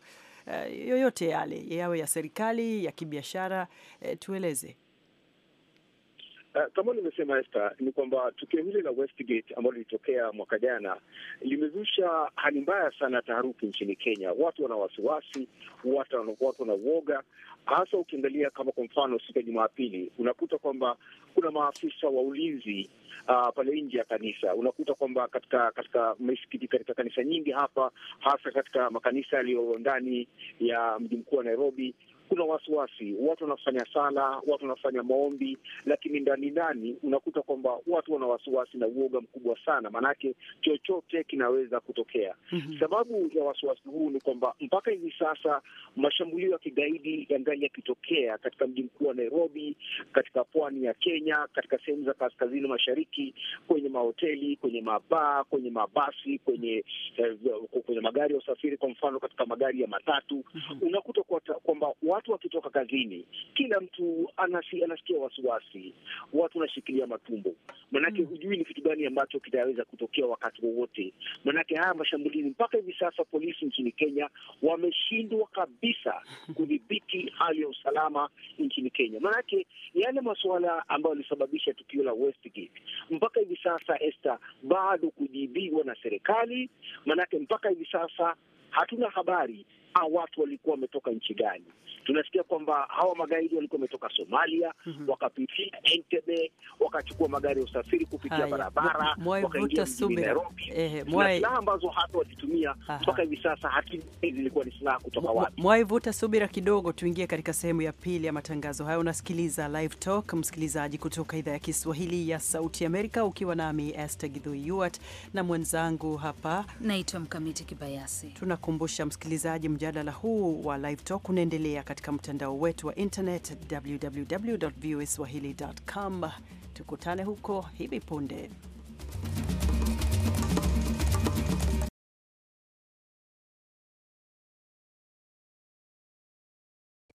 yoyote yale yawe ya serikali ya kibiashara? Uh, tueleze. Uh, kama nimesema esta ni kwamba tukio hili la Westgate ambalo lilitokea mwaka jana limezusha hali mbaya sana ya taharuki nchini Kenya. Watu wana wasiwasi, watu wana uoga, hasa ukiangalia kama kwa mfano siku ya Jumapili unakuta kwamba kuna maafisa wa ulinzi uh, pale nje ya kanisa. Unakuta kwamba katika katika misikiti, katika kanisa nyingi hapa, hasa katika makanisa yaliyo ndani ya mji mkuu wa Nairobi kuna wasiwasi, watu wanafanya sala, watu wanafanya maombi, lakini ndani ndani unakuta kwamba watu wana wasiwasi na uoga mkubwa sana, maanake chochote kinaweza kutokea. mm -hmm. Sababu ya wasiwasi huu ni kwamba mpaka hivi sasa mashambulio ya kigaidi yangali yakitokea katika mji mkuu wa Nairobi, katika pwani ya Kenya, katika sehemu za kaskazini mashariki, kwenye mahoteli, kwenye mabaa, kwenye mabasi, kwenye eh, kwenye magari ya usafiri, kwa mfano katika magari ya matatu. mm -hmm. unakuta kwamba kwa watu wakitoka kazini, kila mtu anasi, anasikia wasiwasi, watu wanashikilia matumbo, manake mm, hujui ni kitu gani ambacho kitaweza kutokea wakati wowote, manake haya mashambulizi. Mpaka hivi sasa polisi nchini Kenya wameshindwa kabisa kudhibiti hali ya usalama nchini Kenya, manake yale masuala ambayo yalisababisha tukio la Westgate mpaka hivi sasa este bado kujibiwa na serikali, manake mpaka hivi sasa hatuna habari hawa watu walikuwa wametoka nchi gani. Tunasikia kwamba hawa magaidi walikuwa wametoka Somalia, mm -hmm. wakapitia Entebbe, wakachukua magari ya usafiri kupitia Haya. barabara, wakaingia mjini Nairobi na silaha ambazo hata walitumia mpaka hivi sasa hatujui zilikuwa ni silaha kutoka wapi. Mwaivuta subira kidogo, tuingie katika sehemu ya pili ya matangazo haya. Unasikiliza Live Talk, msikilizaji, kutoka idhaa ya Kiswahili ya Sauti Amerika, ukiwa nami Esther Githui na mwenzangu hapa naitwa Mkamiti Kibayasi. Tunakumbusha msikilizaji mj mjadala huu wa Live Talk unaendelea katika mtandao wetu wa internet www Tukutane huko hivi punde.